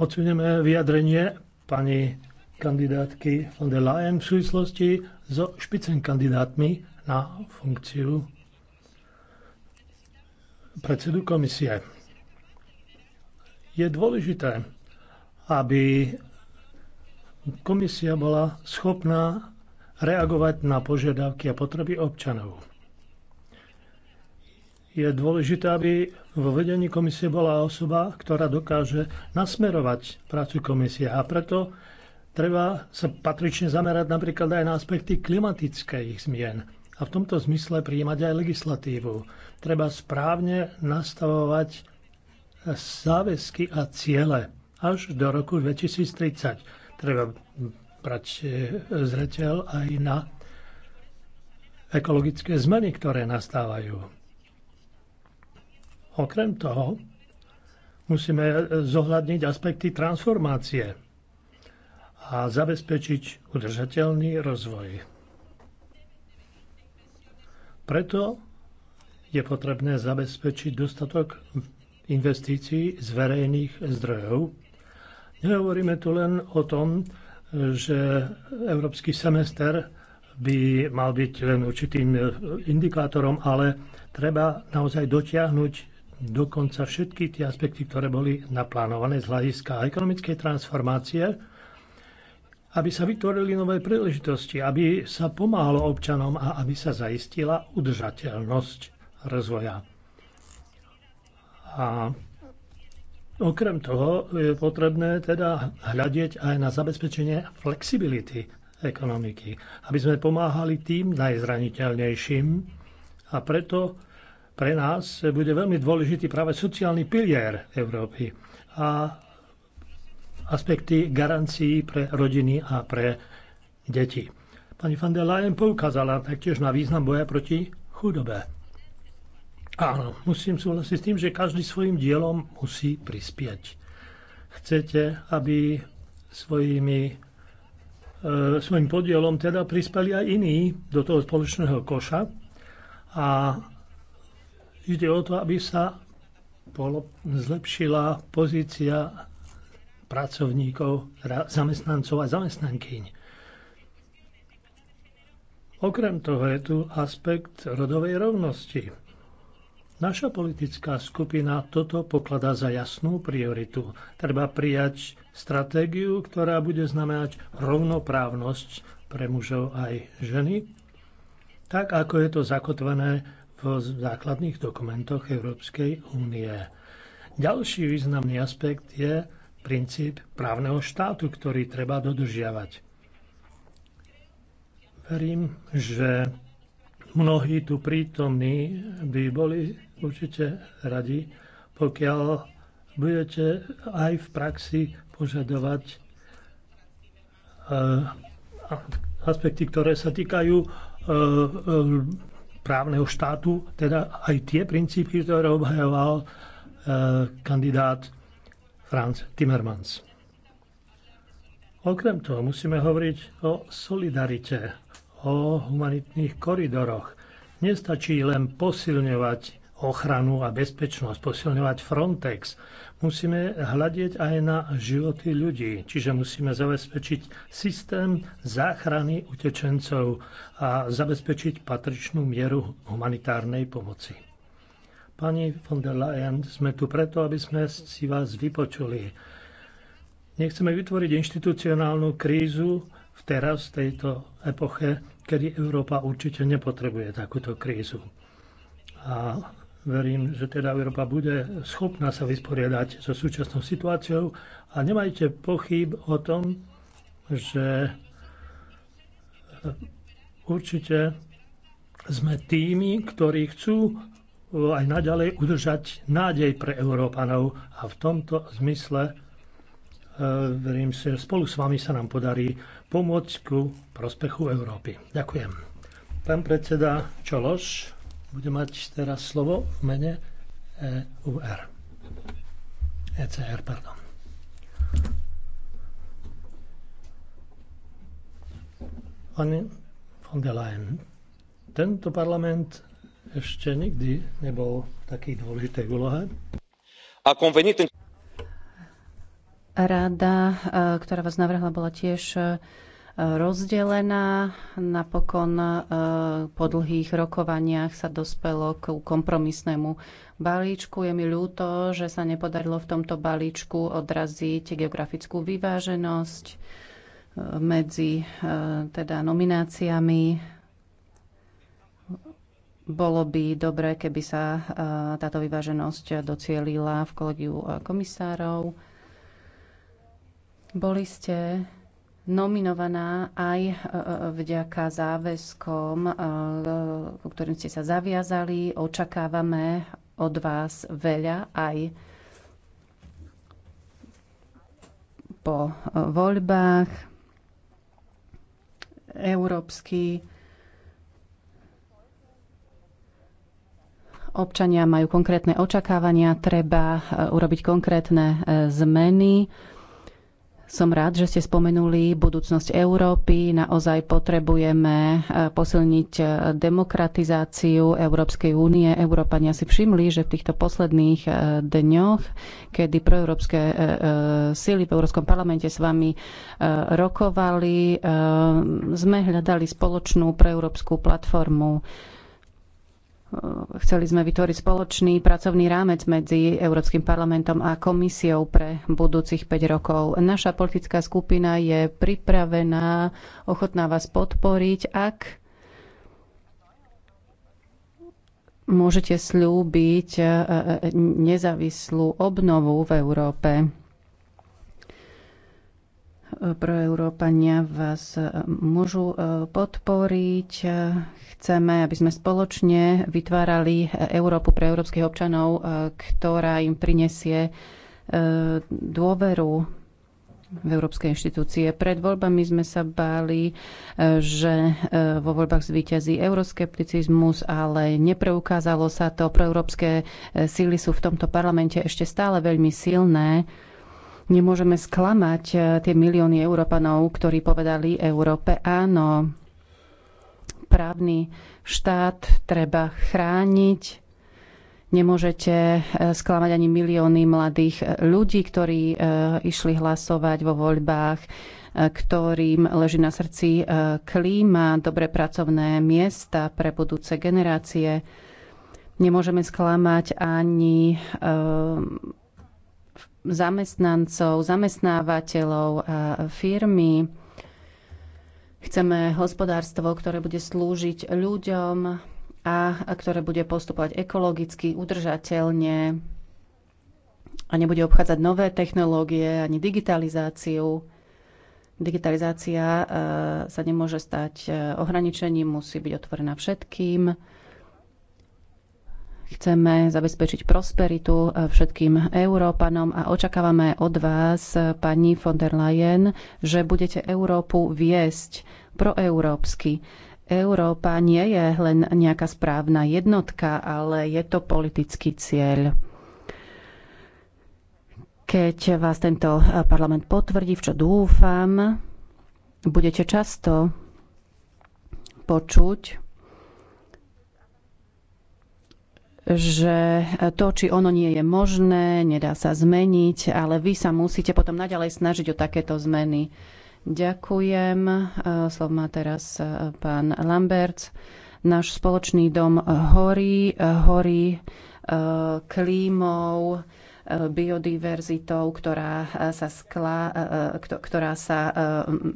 ocenujeme vyjadrenie pani kandidátky von der Leyen v súvislosti so špicen kandidátmi na funkciu predsedu komisie. Je dôležité, aby komisia bola schopná reagovať na požiadavky a potreby občanov je dôležité, aby vo vedení komisie bola osoba, ktorá dokáže nasmerovať prácu komisie. A preto treba sa patrične zamerať napríklad aj na aspekty klimatických zmien a v tomto zmysle prijímať aj legislatívu. Treba správne nastavovať záväzky a ciele až do roku 2030. Treba brať e, zreteľ aj na ekologické zmeny, ktoré nastávajú. Okrem toho musíme zohľadniť aspekty transformácie a zabezpečiť udržateľný rozvoj. Preto je potrebné zabezpečiť dostatok investícií z verejných zdrojov. Nehovoríme tu len o tom, že európsky semester by mal byť len určitým indikátorom, ale treba naozaj dotiahnuť dokonca všetky tie aspekty, ktoré boli naplánované z hľadiska ekonomickej transformácie, aby sa vytvorili nové príležitosti, aby sa pomáhalo občanom a aby sa zaistila udržateľnosť rozvoja. A okrem toho je potrebné teda hľadiť aj na zabezpečenie flexibility ekonomiky, aby sme pomáhali tým najzraniteľnejším a preto pre nás bude veľmi dôležitý práve sociálny pilier Európy a aspekty garancií pre rodiny a pre deti. Pani van der Leyen poukázala taktiež na význam boja proti chudobe. Áno, musím súhlasiť s tým, že každý svojim dielom musí prispieť. Chcete, aby svojimi, e, svojim podielom teda prispeli aj iní do toho spoločného koša a Ide o to, aby sa zlepšila pozícia pracovníkov, zamestnancov a zamestnankyň. Okrem toho je tu aspekt rodovej rovnosti. Naša politická skupina toto pokladá za jasnú prioritu. Treba prijať stratégiu, ktorá bude znamenať rovnoprávnosť pre mužov aj ženy, tak ako je to zakotvené v základných dokumentoch Európskej únie. Ďalší významný aspekt je princíp právneho štátu, ktorý treba dodržiavať. Verím, že mnohí tu prítomní by boli určite radi, pokiaľ budete aj v praxi požadovať eh, aspekty, ktoré sa týkajú eh, právneho štátu, teda aj tie princípy, ktoré obhajoval eh, kandidát Franz Timmermans. Okrem toho musíme hovoriť o solidarite, o humanitných koridoroch. Nestačí len posilňovať ochranu a bezpečnosť, posilňovať Frontex. Musíme hľadiť aj na životy ľudí, čiže musíme zabezpečiť systém záchrany utečencov a zabezpečiť patričnú mieru humanitárnej pomoci. Pani von der Leyen, sme tu preto, aby sme si vás vypočuli. Nechceme vytvoriť inštitucionálnu krízu v teraz, tejto epoche, kedy Európa určite nepotrebuje takúto krízu. A Verím, že teda Európa bude schopná sa vysporiadať so súčasnou situáciou a nemajte pochyb o tom, že eh, určite sme tými, ktorí chcú eh, aj naďalej udržať nádej pre Európanov a v tomto zmysle eh, verím, že spolu s vami sa nám podarí pomôcť ku prospechu Európy. Ďakujem. Pán predseda Čološ bude mať teraz slovo v mene EUR. ECR, pardon. Pani von der Leyen, tento parlament ešte nikdy nebol v takej dôležitej úlohe. A konvenit... Rada, e, ktorá vás navrhla, bola tiež e, rozdelená. Napokon e, po dlhých rokovaniach sa dospelo k kompromisnému balíčku. Je mi ľúto, že sa nepodarilo v tomto balíčku odraziť geografickú vyváženosť e, medzi e, teda nomináciami bolo by dobré, keby sa táto vyváženosť docielila v kolegiu komisárov. Boli ste nominovaná aj e, e, vďaka záväzkom, e, ku ktorým ste sa zaviazali. Očakávame od vás veľa aj po voľbách. Európsky občania majú konkrétne očakávania, treba urobiť konkrétne zmeny som rád, že ste spomenuli budúcnosť Európy. Naozaj potrebujeme e, posilniť e, demokratizáciu Európskej únie. Európania si všimli, že v týchto posledných e, dňoch, kedy proeurópske síly v Európskom parlamente s vami rokovali, sme hľadali spoločnú proeurópsku platformu Eh, chceli sme vytvoriť spoločný pracovný rámec medzi Európskym parlamentom a komisiou pre budúcich 5 rokov. Naša politická skupina je pripravená, ochotná vás podporiť, ak môžete slúbiť eh, eh, nezávislú obnovu v Európe pro Európania vás môžu e, podporiť. Chceme, aby sme spoločne vytvárali Európu pre európskych občanov, e, ktorá im prinesie e, dôveru v európske inštitúcie. Pred voľbami sme sa báli, že vo voľbách zvýťazí euroskepticizmus, ale nepreukázalo sa to. Proeurópske síly sú v tomto parlamente ešte stále veľmi silné Nemôžeme sklamať e, tie milióny Európanov, ktorí povedali Európe áno. Právny štát treba chrániť. Nemôžete e, sklamať ani milióny mladých e, ľudí, ktorí išli hlasovať vo voľbách, ktorým leží na srdci klíma, dobre pracovné miesta pre budúce generácie. Nemôžeme sklamať ani zamestnancov, zamestnávateľov a firmy. Chceme hospodárstvo, ktoré bude slúžiť ľuďom a ktoré bude postupovať ekologicky, udržateľne a nebude obchádzať nové technológie ani digitalizáciu. Digitalizácia e, sa nemôže stať e, ohraničením, musí byť otvorená všetkým Chceme zabezpečiť prosperitu e, všetkým Európanom a očakávame od vás, pani von der Leyen, že budete Európu viesť proeurópsky. Európa nie je len nejaká správna jednotka, ale je to politický cieľ. Keď vás tento e, parlament potvrdí, v čo dúfam, budete často počuť že to, či ono nie je možné, nedá sa zmeniť, ale vy sa musíte potom naďalej snažiť o takéto zmeny. Ďakujem. Eh, Slov má teraz eh, pán Lambert. Náš spoločný dom horí, eh, horí klímou, biodiverzitou, ktorá eh, sa, skla, eh, eh, ktorá sa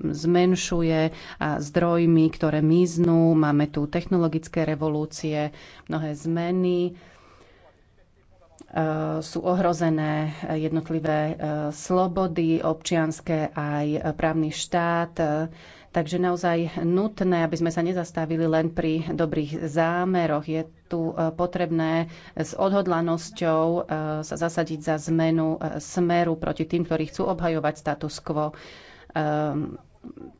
zmenšuje a zdrojmi, ktoré miznú. Máme tu technologické revolúcie, mnohé zmeny sú ohrozené jednotlivé slobody, občianské aj právny štát Takže naozaj nutné, aby sme sa nezastavili len pri dobrých zámeroch. Je tu e, potrebné s odhodlanosťou e, sa zasadiť za zmenu e, smeru proti tým, ktorí chcú obhajovať status quo.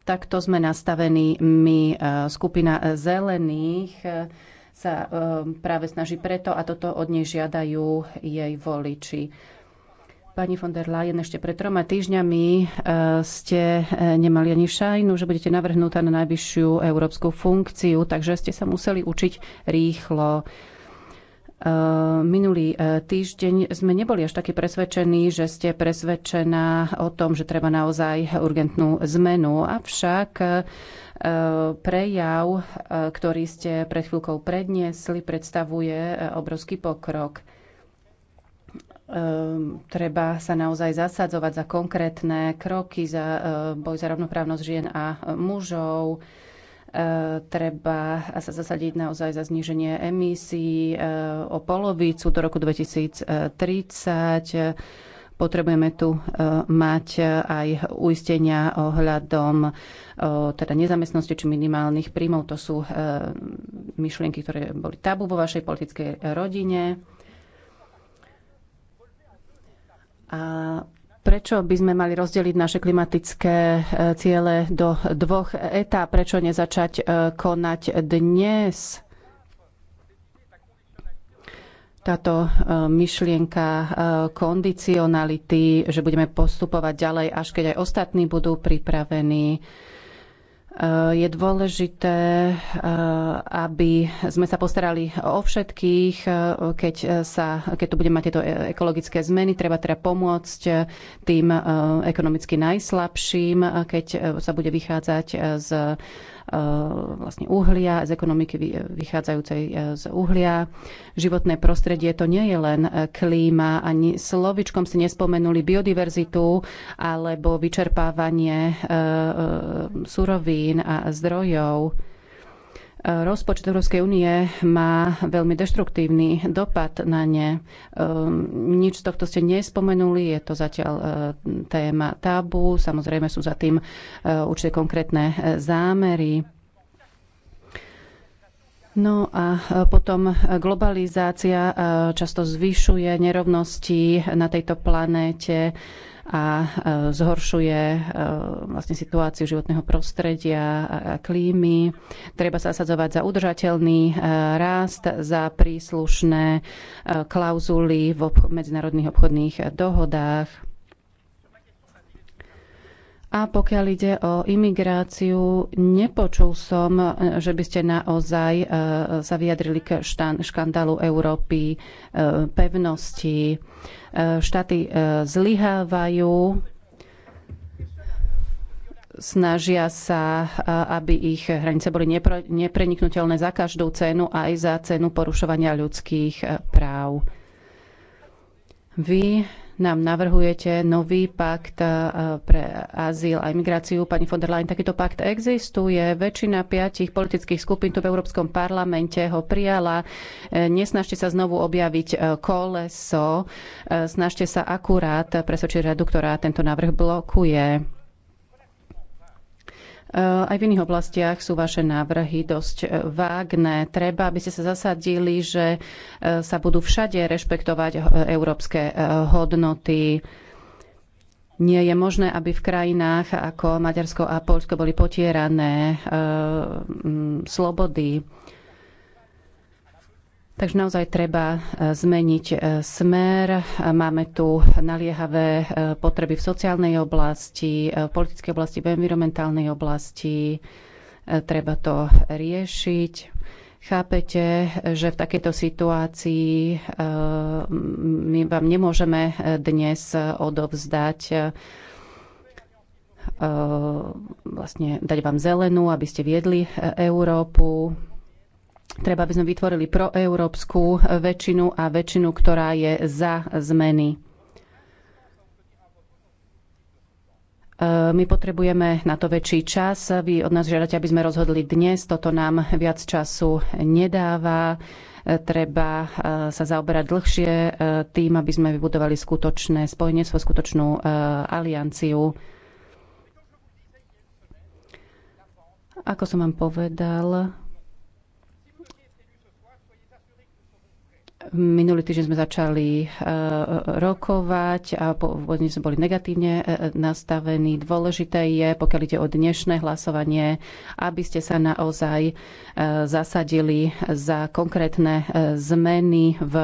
Takto sme nastavení my, skupina zelených sa práve snaží preto a toto od nej žiadajú jej voliči. Pani von der Leyen, ešte pred troma týždňami e, ste e, nemali ani šajnu, že budete navrhnutá na najvyššiu európsku funkciu, takže ste sa museli učiť rýchlo. E, minulý týždeň sme neboli až takí presvedčení, že ste presvedčená o tom, že treba naozaj urgentnú zmenu. Avšak prejav, ktorý ste pred chvíľkou predniesli, predstavuje obrovský pokrok. Ehm, treba sa naozaj zasadzovať za konkrétne kroky, za eh, boj za rovnoprávnosť žien a eh, mužov. Eh, treba sa zasadiť naozaj za zníženie emisí o polovicu do roku 2030. Potrebujeme tu mať aj uistenia ohľadom teda nezamestnosti či minimálnych príjmov. To sú myšlienky, ktoré boli tabu vo vašej politickej rodine. A prečo by sme mali rozdeliť naše klimatické e, ciele do dvoch etá? Prečo nezačať e, konať dnes? Táto e, myšlienka kondicionality, že budeme postupovať ďalej, až keď aj ostatní budú pripravení, je dôležité, eh, aby sme sa postarali o všetkých, eh, keď, sa, keď tu budeme mať tieto ekologické zmeny. Treba teda pomôcť eh, tým ekonomicky najslabším, keď sa bude vychádzať z E, vlastne uhlia, z ekonomiky vychádzajúcej e, z uhlia. Životné prostredie to nie je len e, klíma, ani slovičkom si nespomenuli biodiverzitu alebo vyčerpávanie surovín a zdrojov Rozpočet Európskej únie má veľmi deštruktívny dopad na ne. Ehm, nič z tohto ste nespomenuli, je to zatiaľ e, téma tabu. Samozrejme sú za tým e, určite konkrétne e, zámery. No a potom globalizácia často zvyšuje nerovnosti na tejto planéte a e, zhoršuje e, vlastne situáciu životného prostredia a klímy. Treba sa asadzovať za udržateľný e, rast, za príslušné klauzuly v medzinárodných obchodných dohodách a pokiaľ ide o imigráciu, nepočul som, e, že by ste naozaj e, sa vyjadrili k škandálu Európy, e, pevnosti. Štáty zlyhávajú, snažia sa, aby ich hranice boli nepreniknutelné za každú cenu, aj za cenu porušovania ľudských práv. Vy nám navrhujete nový pakt eh, pre azyl a imigráciu. Pani von der Leyen, takýto pakt existuje. Väčšina piatich politických skupín tu v Európskom parlamente ho prijala. Eh, nesnažte sa znovu objaviť eh, koleso. Snažte sa akurát presvedčiť radu, ktorá tento návrh blokuje. Aj v iných oblastiach sú vaše návrhy dosť e, vágne. Treba, aby ste sa zasadili, že e, sa budú všade rešpektovať e, európske hodnoty. Nie je možné, aby v krajinách ako Maďarsko a Poľsko boli potierané slobody Takže naozaj treba e, zmeniť e, smer. E, máme tu naliehavé potreby v sociálnej oblasti, v politickej oblasti, v environmentálnej oblasti. Treba to riešiť. Chápete, že v takejto situácii my vám nemôžeme dnes odovzdať vlastne dať vám zelenú, aby ste viedli Európu Treba, aby sme vytvorili proeurópsku väčšinu a väčšinu, ktorá je za zmeny. E, my potrebujeme na to väčší čas. Vy od nás žiadate, aby sme rozhodli dnes. Toto nám viac času nedáva. E, treba e, sa zaoberať dlhšie tým, aby sme vybudovali skutočné spojenie, svoju skutočnú alianciu. Ako som vám povedal, Minulý týždeň sme začali e, rokovať a pôvodne sme boli negatívne e, nastavení. Dôležité je, pokiaľ ide o dnešné hlasovanie, aby ste sa naozaj e, zasadili za konkrétne zmeny v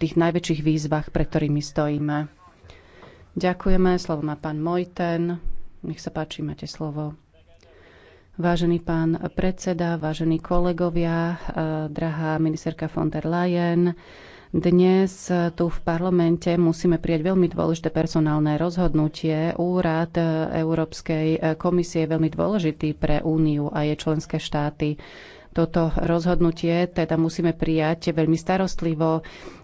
tých najväčších výzvach, pre ktorými stojíme. Ďakujeme. Slovo má pán Mojten. Nech sa páči, máte slovo. Vážený pán predseda, vážení kolegovia, eh, drahá ministerka von der Leyen, dnes tu v parlamente musíme prijať veľmi dôležité personálne rozhodnutie. Úrad eh, Európskej eh, komisie je veľmi dôležitý pre Úniu a jej členské štáty. Toto rozhodnutie teda musíme prijať veľmi starostlivo.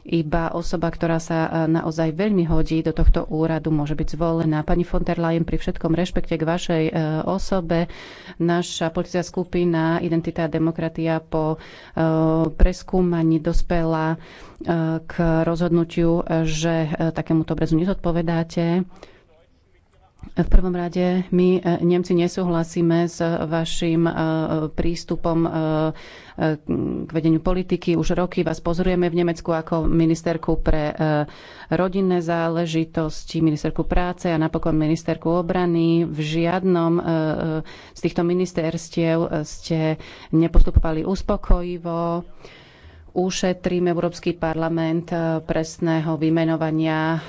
Iba osoba, ktorá sa e, naozaj veľmi hodí do tohto úradu, môže byť zvolená. Pani von der Leyen, pri všetkom rešpekte k vašej e, osobe, naša politická skupina Identita a demokratia po e, preskúmaní dospela k rozhodnutiu, že takémuto obrazu nezodpovedáte. V prvom rade my, e, Nemci, nesúhlasíme s e, vašim e, prístupom k vedeniu politiky. Už roky vás pozorujeme v Nemecku ako ministerku pre rodinné záležitosti, ministerku práce a napokon ministerku obrany. V žiadnom z týchto ministerstiev ste nepostupovali uspokojivo ušetrím Európsky parlament eh, presného vymenovania eh,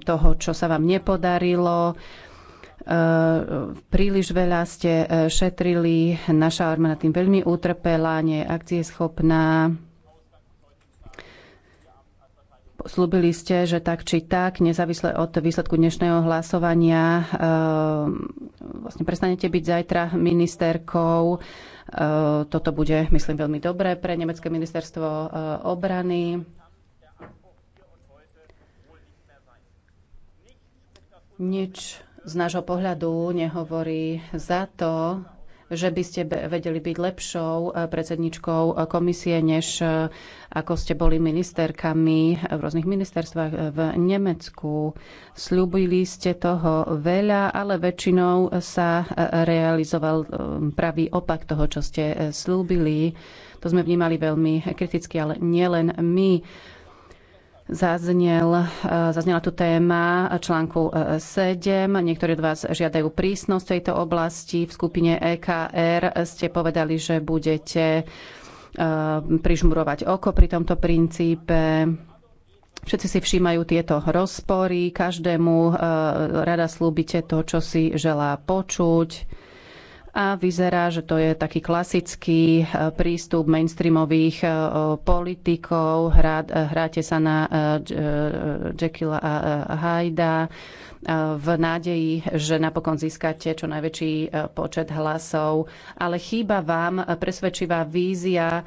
toho, čo sa vám nepodarilo. Eh, príliš veľa ste šetrili, naša armáda tým veľmi utrpela, nie je akcieschopná. Slúbili ste, že tak či tak, nezávisle od výsledku dnešného hlasovania, vlastne prestanete byť zajtra ministerkou Eh, toto bude, myslím, veľmi dobré pre Nemecké ministerstvo eh, obrany. Nič z nášho pohľadu nehovorí za to, že by ste vedeli byť lepšou eh, predsedničkou komisie, než eh, ako ste boli ministerkami v rôznych ministerstvách eh, v Nemecku. Sľubili ste toho veľa, ale väčšinou sa realizoval pravý opak toho, čo ste slúbili. To sme vnímali veľmi kriticky, ale nielen my Zaznel, e, zaznela tu téma článku 7. E, Niektorí od vás žiadajú prísnosť v tejto oblasti. V skupine EKR ste povedali, že budete e, prižmurovať oko pri tomto princípe. Všetci si všímajú tieto rozpory, každému rada slúbite to, čo si želá počuť a vyzerá, že to je taký klasický e, prístup mainstreamových e, politikov. Hrá, e, hráte sa na Jekyla a Hyda v nádeji, že napokon získate čo najväčší počet hlasov, ale chýba vám presvedčivá vízia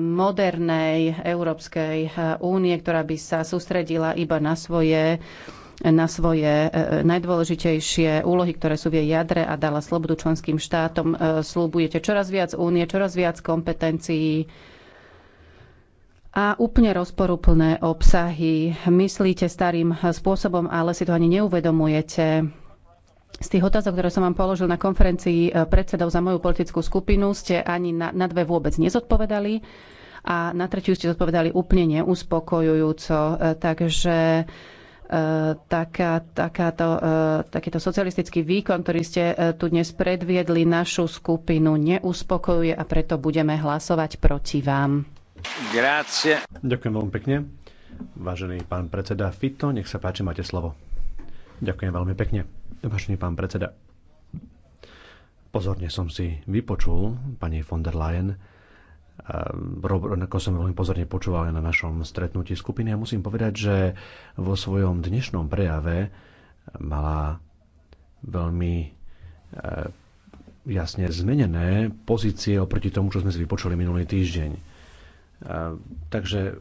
modernej Európskej únie, ktorá by sa sústredila iba na svoje na svoje e, e, najdôležitejšie úlohy, ktoré sú v jej jadre a dala slobodu členským štátom. E, slúbujete čoraz viac únie, čoraz viac kompetencií a úplne rozporúplné obsahy. Myslíte starým spôsobom, ale si to ani neuvedomujete. Z tých otázok, ktoré som vám položil na konferencii predsedov za moju politickú skupinu, ste ani na, na dve vôbec nezodpovedali a na tretiu ste zodpovedali úplne neuspokojujúco. Takže taká, takáto, e, takýto socialistický výkon, ktorý ste e, tu dnes predviedli, našu skupinu neuspokojuje a preto budeme hlasovať proti vám. Grazie. Ďakujem veľmi pekne. Vážený pán predseda Fito, nech sa páči, máte slovo. Ďakujem veľmi pekne. Vážený pán predseda, pozorne som si vypočul pani von der Leyen, Rovnako som veľmi pozorne počúval na našom stretnutí skupiny a musím povedať, že vo svojom dnešnom prejave mala veľmi eh, jasne zmenené pozície oproti tomu, čo sme si vypočuli minulý týždeň. Eh, takže